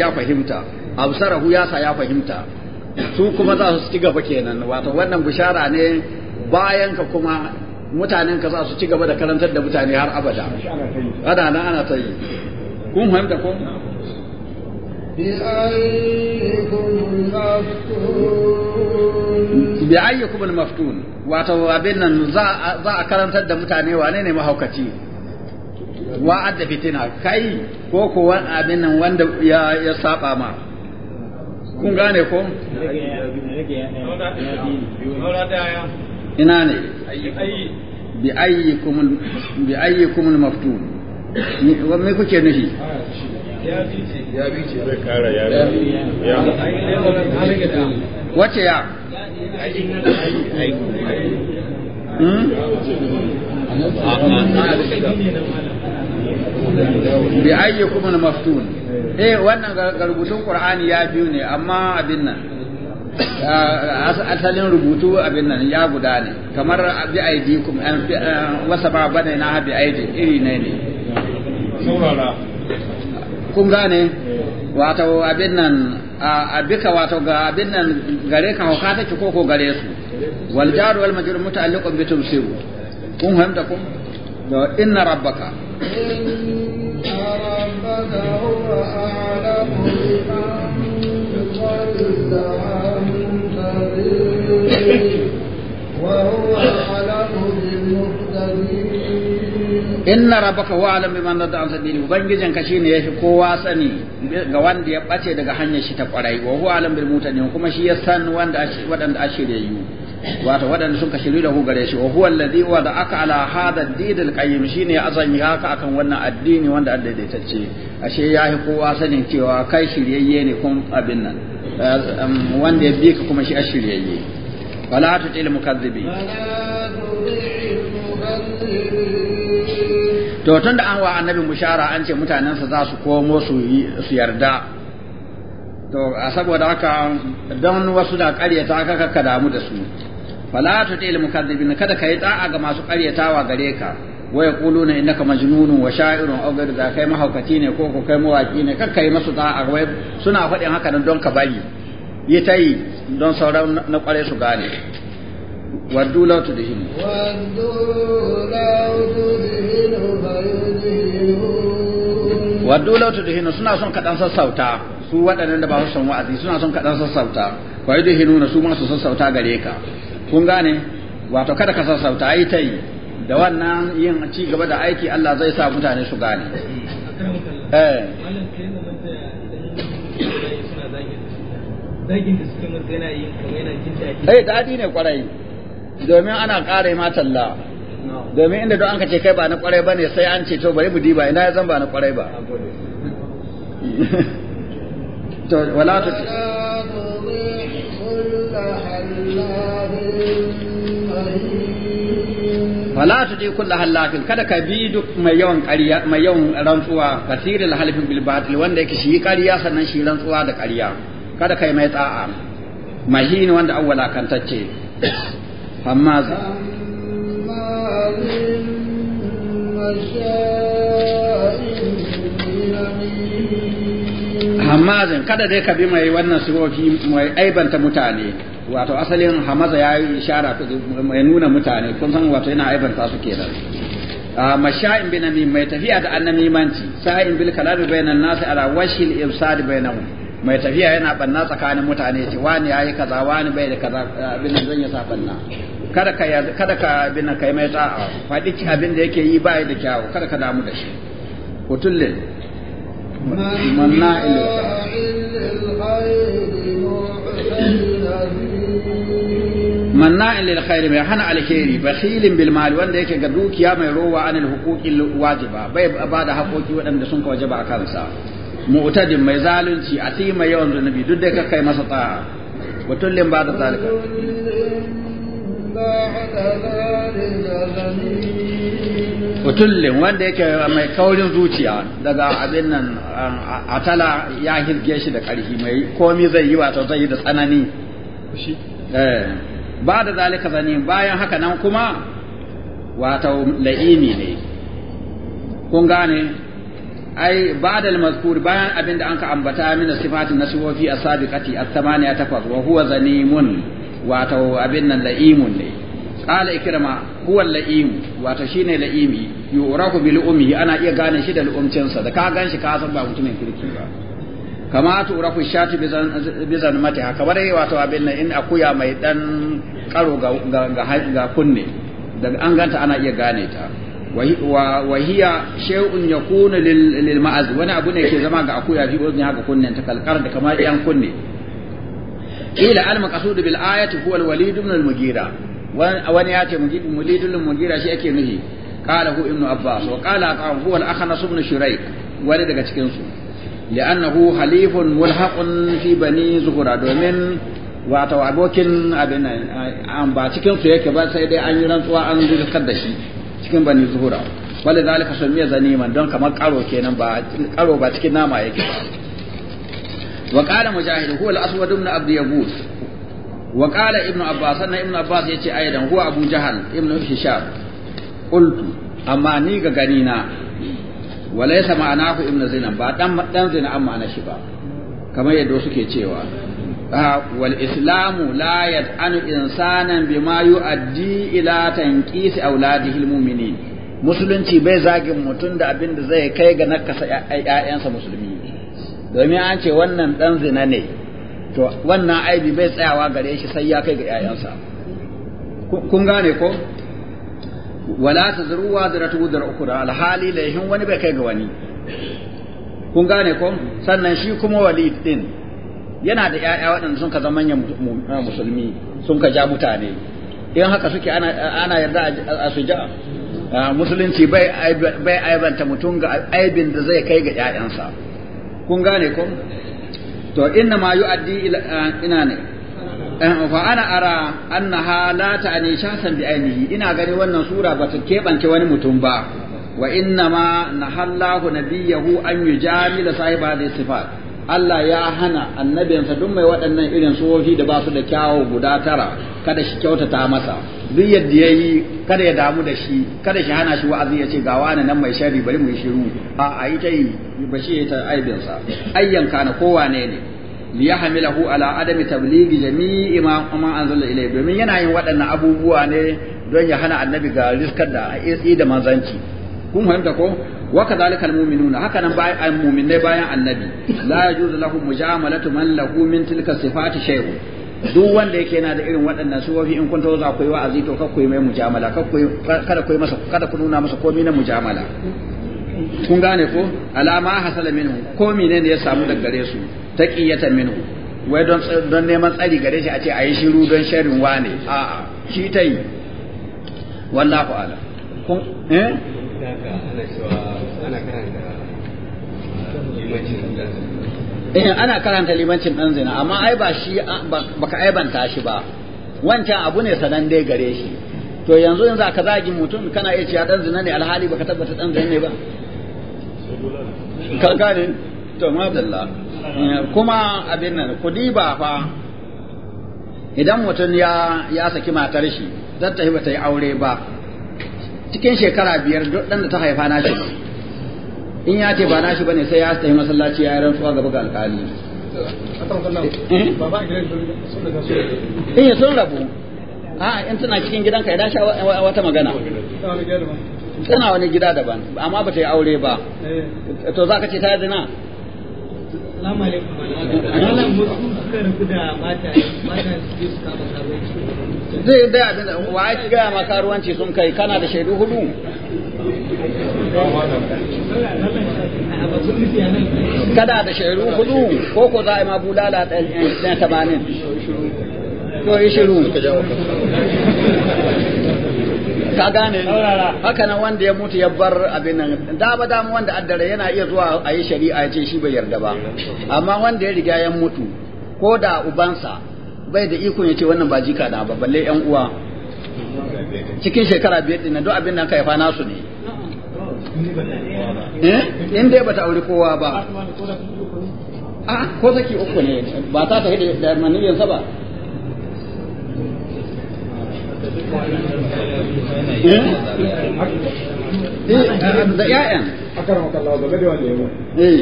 ya fahimta absara hu ya sa ya fahimta su kuma za su ci gaba kenan wato wannan bishara ne bayan ka kuma mutanen ka za su ci gaba da karantar da mutane har abada ana nan ana ta yi kun fahimta ko bi ayyukum al-maftun wato abin nan za a karantar da mutane wane ne mahaukaci wa'ad da fitina kai ko ko abin nan wanda ya saba ma kun gane ko ina ne bi ayyikum bi ayyikum wa me kuke nufi ya bi ce zai kara ya wace ya bi ayi kuma na maftun eh wannan rubutun qur'ani ya biyu ne amma abin nan asalin rubutu abin nan ya guda ne kamar bi ayi kum an wasa ba bane na bi ayi iri ne ne kun gane wato abin nan abika wato ga abin nan gare ka hauka take ko ko gare su wal jar wal majrur muta'alliqun bi tubsir kun fahimta kun da inna rabbaka inna rabbaka huwa a'lamu inna rabbaka wa alam man dadda an sabili ubangijin ka shine yafi kowa sani ga wanda ya bace daga hanyar shi ta kwarai wa huwa alam bil mutani kuma shi ya san wanda wadanda a da yi wato wadanda sun ka shirye da hu gare shi wa huwa alladhi wa da aka ala hada did al qayyim shine ya azan haka akan wannan addini wanda an daidaitacce ashe yafi kowa sani cewa kai shiryayye ne kun abin nan wanda ya bi ka kuma shi a shiryayye wala tutil mukazzibi to tun da an wa annabi mushara an ce sa za su komo su yarda to a saboda haka don wasu na karyata ka kakka damu da su fala tu til mukazzibin kada kai ta'a ga masu karyatawa gare ka wa yaquluna innaka majnunun wa sha'irun aw ghayr da kai mahaukaci ne ko ko kai mawaki ne kakkai masu ta'a wai suna faɗin haka don ka bari yi ta yi don sauran na kware su gane waddu la tudhinu waddu suna son kadan sassauta su waɗannan da ba su son wa'azi suna son kadan sassauta su ma su sassauta gare ka wato kada ka sassauta ai yi da wannan yin ci gaba da aiki Allah zai sa mutane su gane eh zagin da suke masa yin kamar yana jin daɗi. Eh daɗi ne kwarai. domin ana ƙara ma talla domin inda don an ka ce kai ba na kwarai ba ne sai an ce to bari mu diba ina ya zan ba na kwarai ba to wala ta wala tu di halafin kada ka bi duk mai yawan ƙarya mai yawan rantsuwa kasirin halifin bilbatil wanda yake shi ƙarya sannan shi rantsuwa da ƙarya kada kai mai tsa'a mahini wanda awwala kantacce هماز hamazin kada dai ka bi mai wannan sirofi mai aibanta mutane wato asalin hamaza ya yi ishara mai nuna mutane kun san wato yana aibanta su ke A masha'in bin namim mai tafiya da annamimanci sa'in bil kalami bainan nasi ala washil bai bainahum mai tafiya yana banna tsakanin mutane ce wani yayi kaza wani bai da kaza abin zan ya sa banna kada ka kada ka bin ka mai ta faɗi ki abin da yake yi ba da kyau kada ka damu da shi kutulle manna manna'in lil khairi mai hana alheri bakhilin bil mal wanda yake ga dukiya mai rowa anil huquqil wajiba bai ba da haƙoƙi waɗanda sun ka wajaba a kansa mu'tadin mai zalunci asima yawan zunubi duk da ka kai masa ta'a kutullin ba da zalika mutullin wanda yake mai kaurin zuciya daga abin nan atala ya hirge shi da ƙarfi mai komi zai yi wato zai yi da tsanani eh, ba da zalika zani bayan haka nan kuma wato la'imi ne kun gane ai ba da mazkur bayan abin da an ka ambata mina sifatin na sifofi a sabiqati at-thamaniyah takwas wa huwa zanimun wato abin nan la'imun ne qala ikrama huwa la'im wato shine la'imi yuraku bil ummi ana iya gane shi da al'umcin sa da ka gan shi ka san ba mutumin kirki ba kama turaku shati bizan bizan mata haka bare wato abin nan in akuya mai dan karo ga ga kunne daga an ganta ana iya gane ta wa hiya shay'un yakunu lil ma'az wani abu ne ke zama ga akuya fi wajen haka kunnen ta kalkar da kamar yan kunne kila al maqsud bil ayati huwa al walid ibn al mugira wani ya ce walid ibn al mugira shi ake nufi qala hu ibn abbas wa qala huwa al akhnas ibn shuraik wani daga cikin su li'annahu halifun mulhaqun fi bani zuhra domin wato abokin abin an ba cikin su yake ba sai dai an yi rantsuwa an zurkar da shi cikin bani zuhura wale zalika sun miya zaniman don kamar karo kenan ba karo ba cikin nama yake ba wa qala mujahid huwa al-aswad ibn ibn abbas sannan ibn abbas yace aidan huwa abu jahal ibn hisham qultu amma ni ga gani na walaysa ma'anahu ibn zina ba dan dan amma na shi ba kamar yadda suke cewa wal islamu la yad'anu insanan bima yu'addi ila tanqis auladihi almu'minin musulunci bai zagin mutum da abin da zai kai ga nakasa ƴaƴansa musulmi domin an ce wannan dan zina ne to wannan aibi bai tsayawa gare shi sai ya kai ga yayansa kun gane ko wala tazru wa zaratu dar ukura alhali laihin wani bai kai ga wani kun gane ko sannan shi kuma walid din yana da yaya waɗanda sun ka zama manyan musulmi sun ka ja mutane in haka suke ana ana yarda a su ja musulunci bai aibanta mutum ga aibin da zai kai ga yayansa kun gane ko to inna ma yu'addi ila ina ne eh, fa ana ara annaha la ta'ni shakhsan bi ainihi ina gani wannan sura bata kebance wani mutum ba wa inna ma nahallahu nabiyahu an yujamila sahiba hadhihi sifat Allah ya hana annabinsa duk mai waɗannan irin suwofi da ba su da kyawo guda tara kada shi kyautata masa duk yadda ya yi kada ya damu da shi kada shi hana shi wa'azi ya ce ga wani nan mai shari bari mu yi shiru a ayi yi ta yi ba shi ya ta aibinsa ayyan kana kowane ne li yahmilahu ala adami tablighi jami'i ma ma anzala Ilai? domin yana yin waɗannan abubuwa ne don ya hana annabi ga riskar da da manzanci kun fahimta ko wa kadhalika almu'minuna haka nan bayan mu'minai bayan annabi la yajuzu lahum mujamalatu man lahu min tilka sifati shay'un duk wanda yake yana da irin waɗannan su wafi in kun za ku yi wa wa'azi ku yi mai mujamala kada ku masa kada ku nuna masa komai na mujamala kun gane ko alama hasala minhu komai ne ya samu daga gare su taqiyatan minhu wai don don neman tsari gare shi a ce ayi shiru don sharrin wane a'a shi tai wallahu a'lam kun eh Ah, eh ana karanta limancin dan zina amma ai ba shi baka aibanta shi ba wancan abu ne sanan dai gare shi to yanzu yanzu ka zagi mutum kana iya cewa dan zina ne alhali baka tabbata dan zina ne ba ka gane to madalla eh, kuma abin nan kudi ba fa idan mutum ya ya saki matar shi zata ba ta yi aure ba cikin shekara biyar duk ɗan da ta haifa na shi in ya ce ba na shi bane sai ya tafi masallaci ya yi rantsuwa gaba ga alƙali in eh, ya sun rabu a in suna cikin gidanka idan sha wata magana tana wani gida daban amma ba ta yi aure ba to za ka ce ta zina Salamu alaikum. Malam wasu suka rabu da mata, mata su je ba kama sabon zai da abin da wa ya gaya maka ruwanci sun kai kana da shaidu hudu kada da shaidu hudu ko ko za a yi ma bulala ɗan tamanin to yi shiru ka gane haka nan wanda ya mutu ya bar abin nan da ba mu wanda addare yana iya zuwa a yi shari'a ya ce shi bai yarda ba amma wanda ya riga ya mutu ko da ubansa bai da ikon ya ce wannan ba jika da ba balle yan uwa cikin shekara biyar din duk abin nan ka yafa nasu ne eh inda ba ta aure kowa ba a ah, ko zaki uku ne ba ta ta hidi da maniyan sa ba eh? Eh, da ya'yan eh,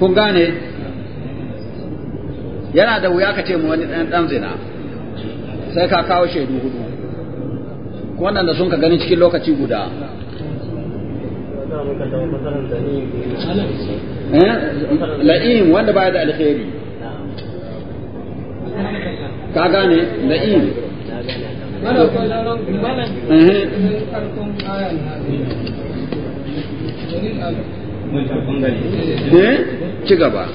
kun gane yana da wuya ka ce mu wani dan dan zina sai ka kawo shaidu hudu wannan da sun ka gani cikin lokaci guda eh, la'im wanda baya da alkhairi ka gane la'im eh, ci gaba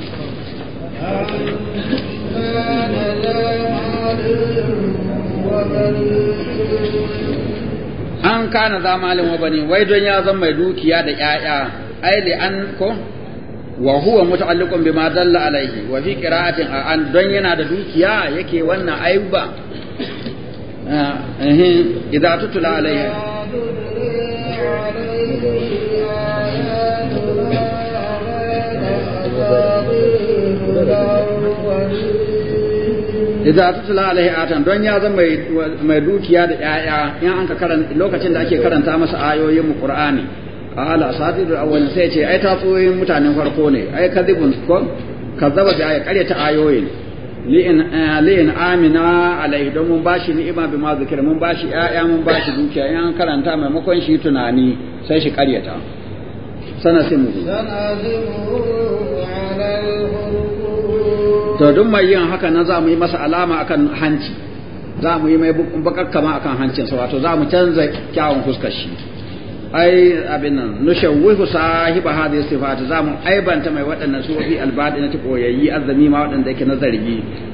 an kana za malin wabani wai don ya zama mai dukiya da ƴaƴa ai da an ko wa huwa muta'alliqun bima dalla alaihi wa fi qira'atin an don yana da dukiya yake wannan ayuba ah, eh idza tutla alaihi idza tutla alaihi atan don ya zama mai dukiya da yaya in an ka karanta lokacin da ake karanta masa ayoyin mu qur'ani qala awwal sai ce ai tsoyin mutanen farko ne ai kadibun ko kazzaba da ya karyata ayoyin li'in eh, amina alaihi don mun bashi ni'ima bi ma zikira mun bashi yaya mun bashi dukiya in an karanta maimakon shi tunani sai shi karyata sanasimu sanasimu to duk mai yin haka nan za mu yi masa alama akan hanci za mu yi mai bakar kama akan hancinsa wato za mu canza kyawun fuskar shi ai abin nan wuhu sahiba hadhihi sifati za mu aibanta mai waɗannan sufofi albadinati koyayyi azami ma waɗanda yake nazari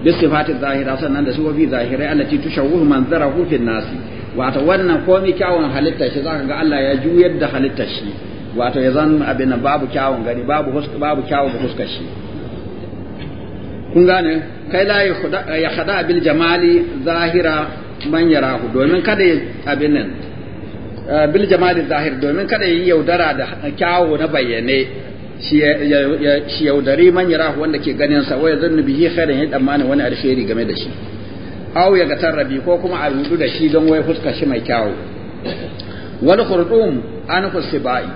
bi sifati zahira sannan da sufofi zahirai allati tushawwihu manzarahu fil nasi wato wannan komai kyawun halitta shi zaka ga Allah ya juyar da halitta shi wato ya zan abin nan babu kyawun gani babu babu kyawun fuskar shi kun gane kai la ya hada bil jamali zahira man yarahu domin kada ya abin nan eh, bil jamali zahir domin kada ya yaudara da kyawu na bayyane shi yaudari man yarahu wanda ke ganin sa waya zannu bihi khairin ya tsammani wani alheri game da shi au ya ga tarrabi ko kuma a rudu da shi don waya fuska shi mai kyawu wal khurdum an fusibai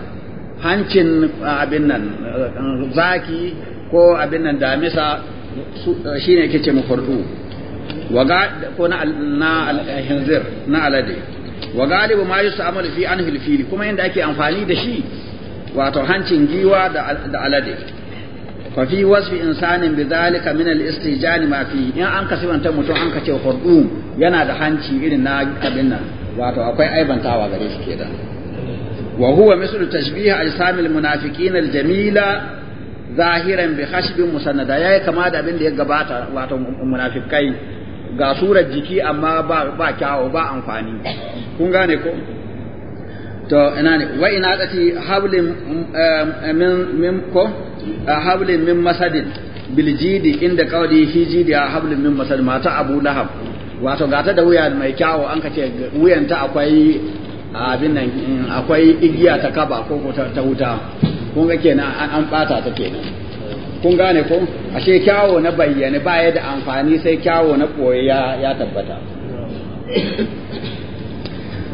hancin abin nan eh, zaki ko abin nan damisa Eh, shine yake ce mu fardu wa ko na na alhinzir eh, na alade wa galibu ma yusta'malu fi anhi alfil kuma inda ake amfani da shi wato hancin giwa da alade fa fi wasfi insanin bidhalika min al-istijan ma fi in an kasibanta mutum an kace hurdum yana da hanci irin na abin nan wato akwai aibantawa gare shi kenan wa huwa mislu tashbih ajsamil munafiqin al-jamila zahiran bi khashbin musannada yayi kama da abin da ya gabata wato munafikai ga surar jiki amma ba ba kyawo ba amfani kun gane ko to ina ne wa ina tati hablin eh, min min ko hablin min masadin bil jidi inda qawli fi jidi hablin min masad mata abu lahab wato gata da wuya mai kyawo an kace wuyanta akwai abin nan akwai igiya ta kaba ko ta wuta kun ga kenan an bata ta kenan kun gane ko ashe kyawo na bayyane ba ya da amfani sai kyawo na koyi ya tabbata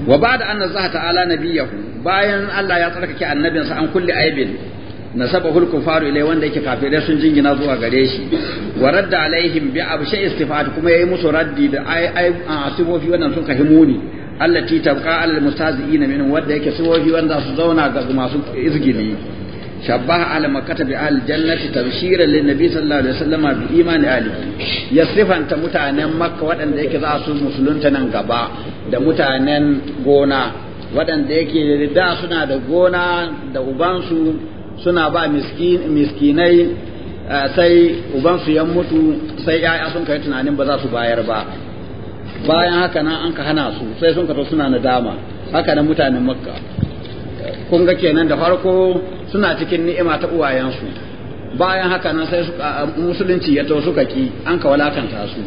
wa ba da anna zaha ta'ala nabiyahu bayan Allah ya tsarkake annabinsa an kulli aibin nasaba hulku faru ilai wanda yake kafirai sun jingina zuwa gare shi wa radda alaihim bi shay istifat kuma yayi musu raddi da ai ai sifofi wannan sun himuni allati tabqa al-mustazi'ina min wanda yake sifofi wanda su zauna ga masu izgili شبه على مكة بآل الجنة تبشيرا للنبي صلى الله عليه وسلم بإيمان آله يصف أنت متعنى مكة وأن ذلك ذا أصول مسلون تنقبا da mutanen gona waɗanda yake da suna da gona da ubansu suna ba miskinai sai ubansu ya mutu sai ‘ya'ya sun kai tunanin ba za su bayar ba bayan haka nan an ka hana su sai sun kato suna nadama haka nan mutanen makka kun ga kenan da farko suna cikin ni'ima ta uwayensu bayan haka nan sai musulunci ya to suka ki an ka walakanta su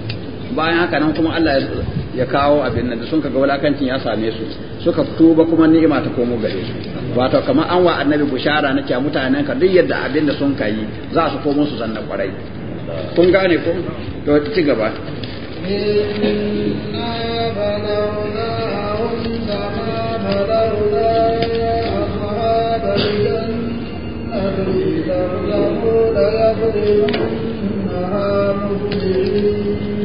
bayan haka nan kuma Allah ya kawo abin da sun kaga walakancin ya same su suka tuba kuma ni'ima ta komo gare su wato kamar an wa annabi bushara na kya mutanen ka duk yadda abin da sun kayi za su komo su zanna kwarai kun gane ko to ci gaba إنا أهلي لو يضربنها مبدئين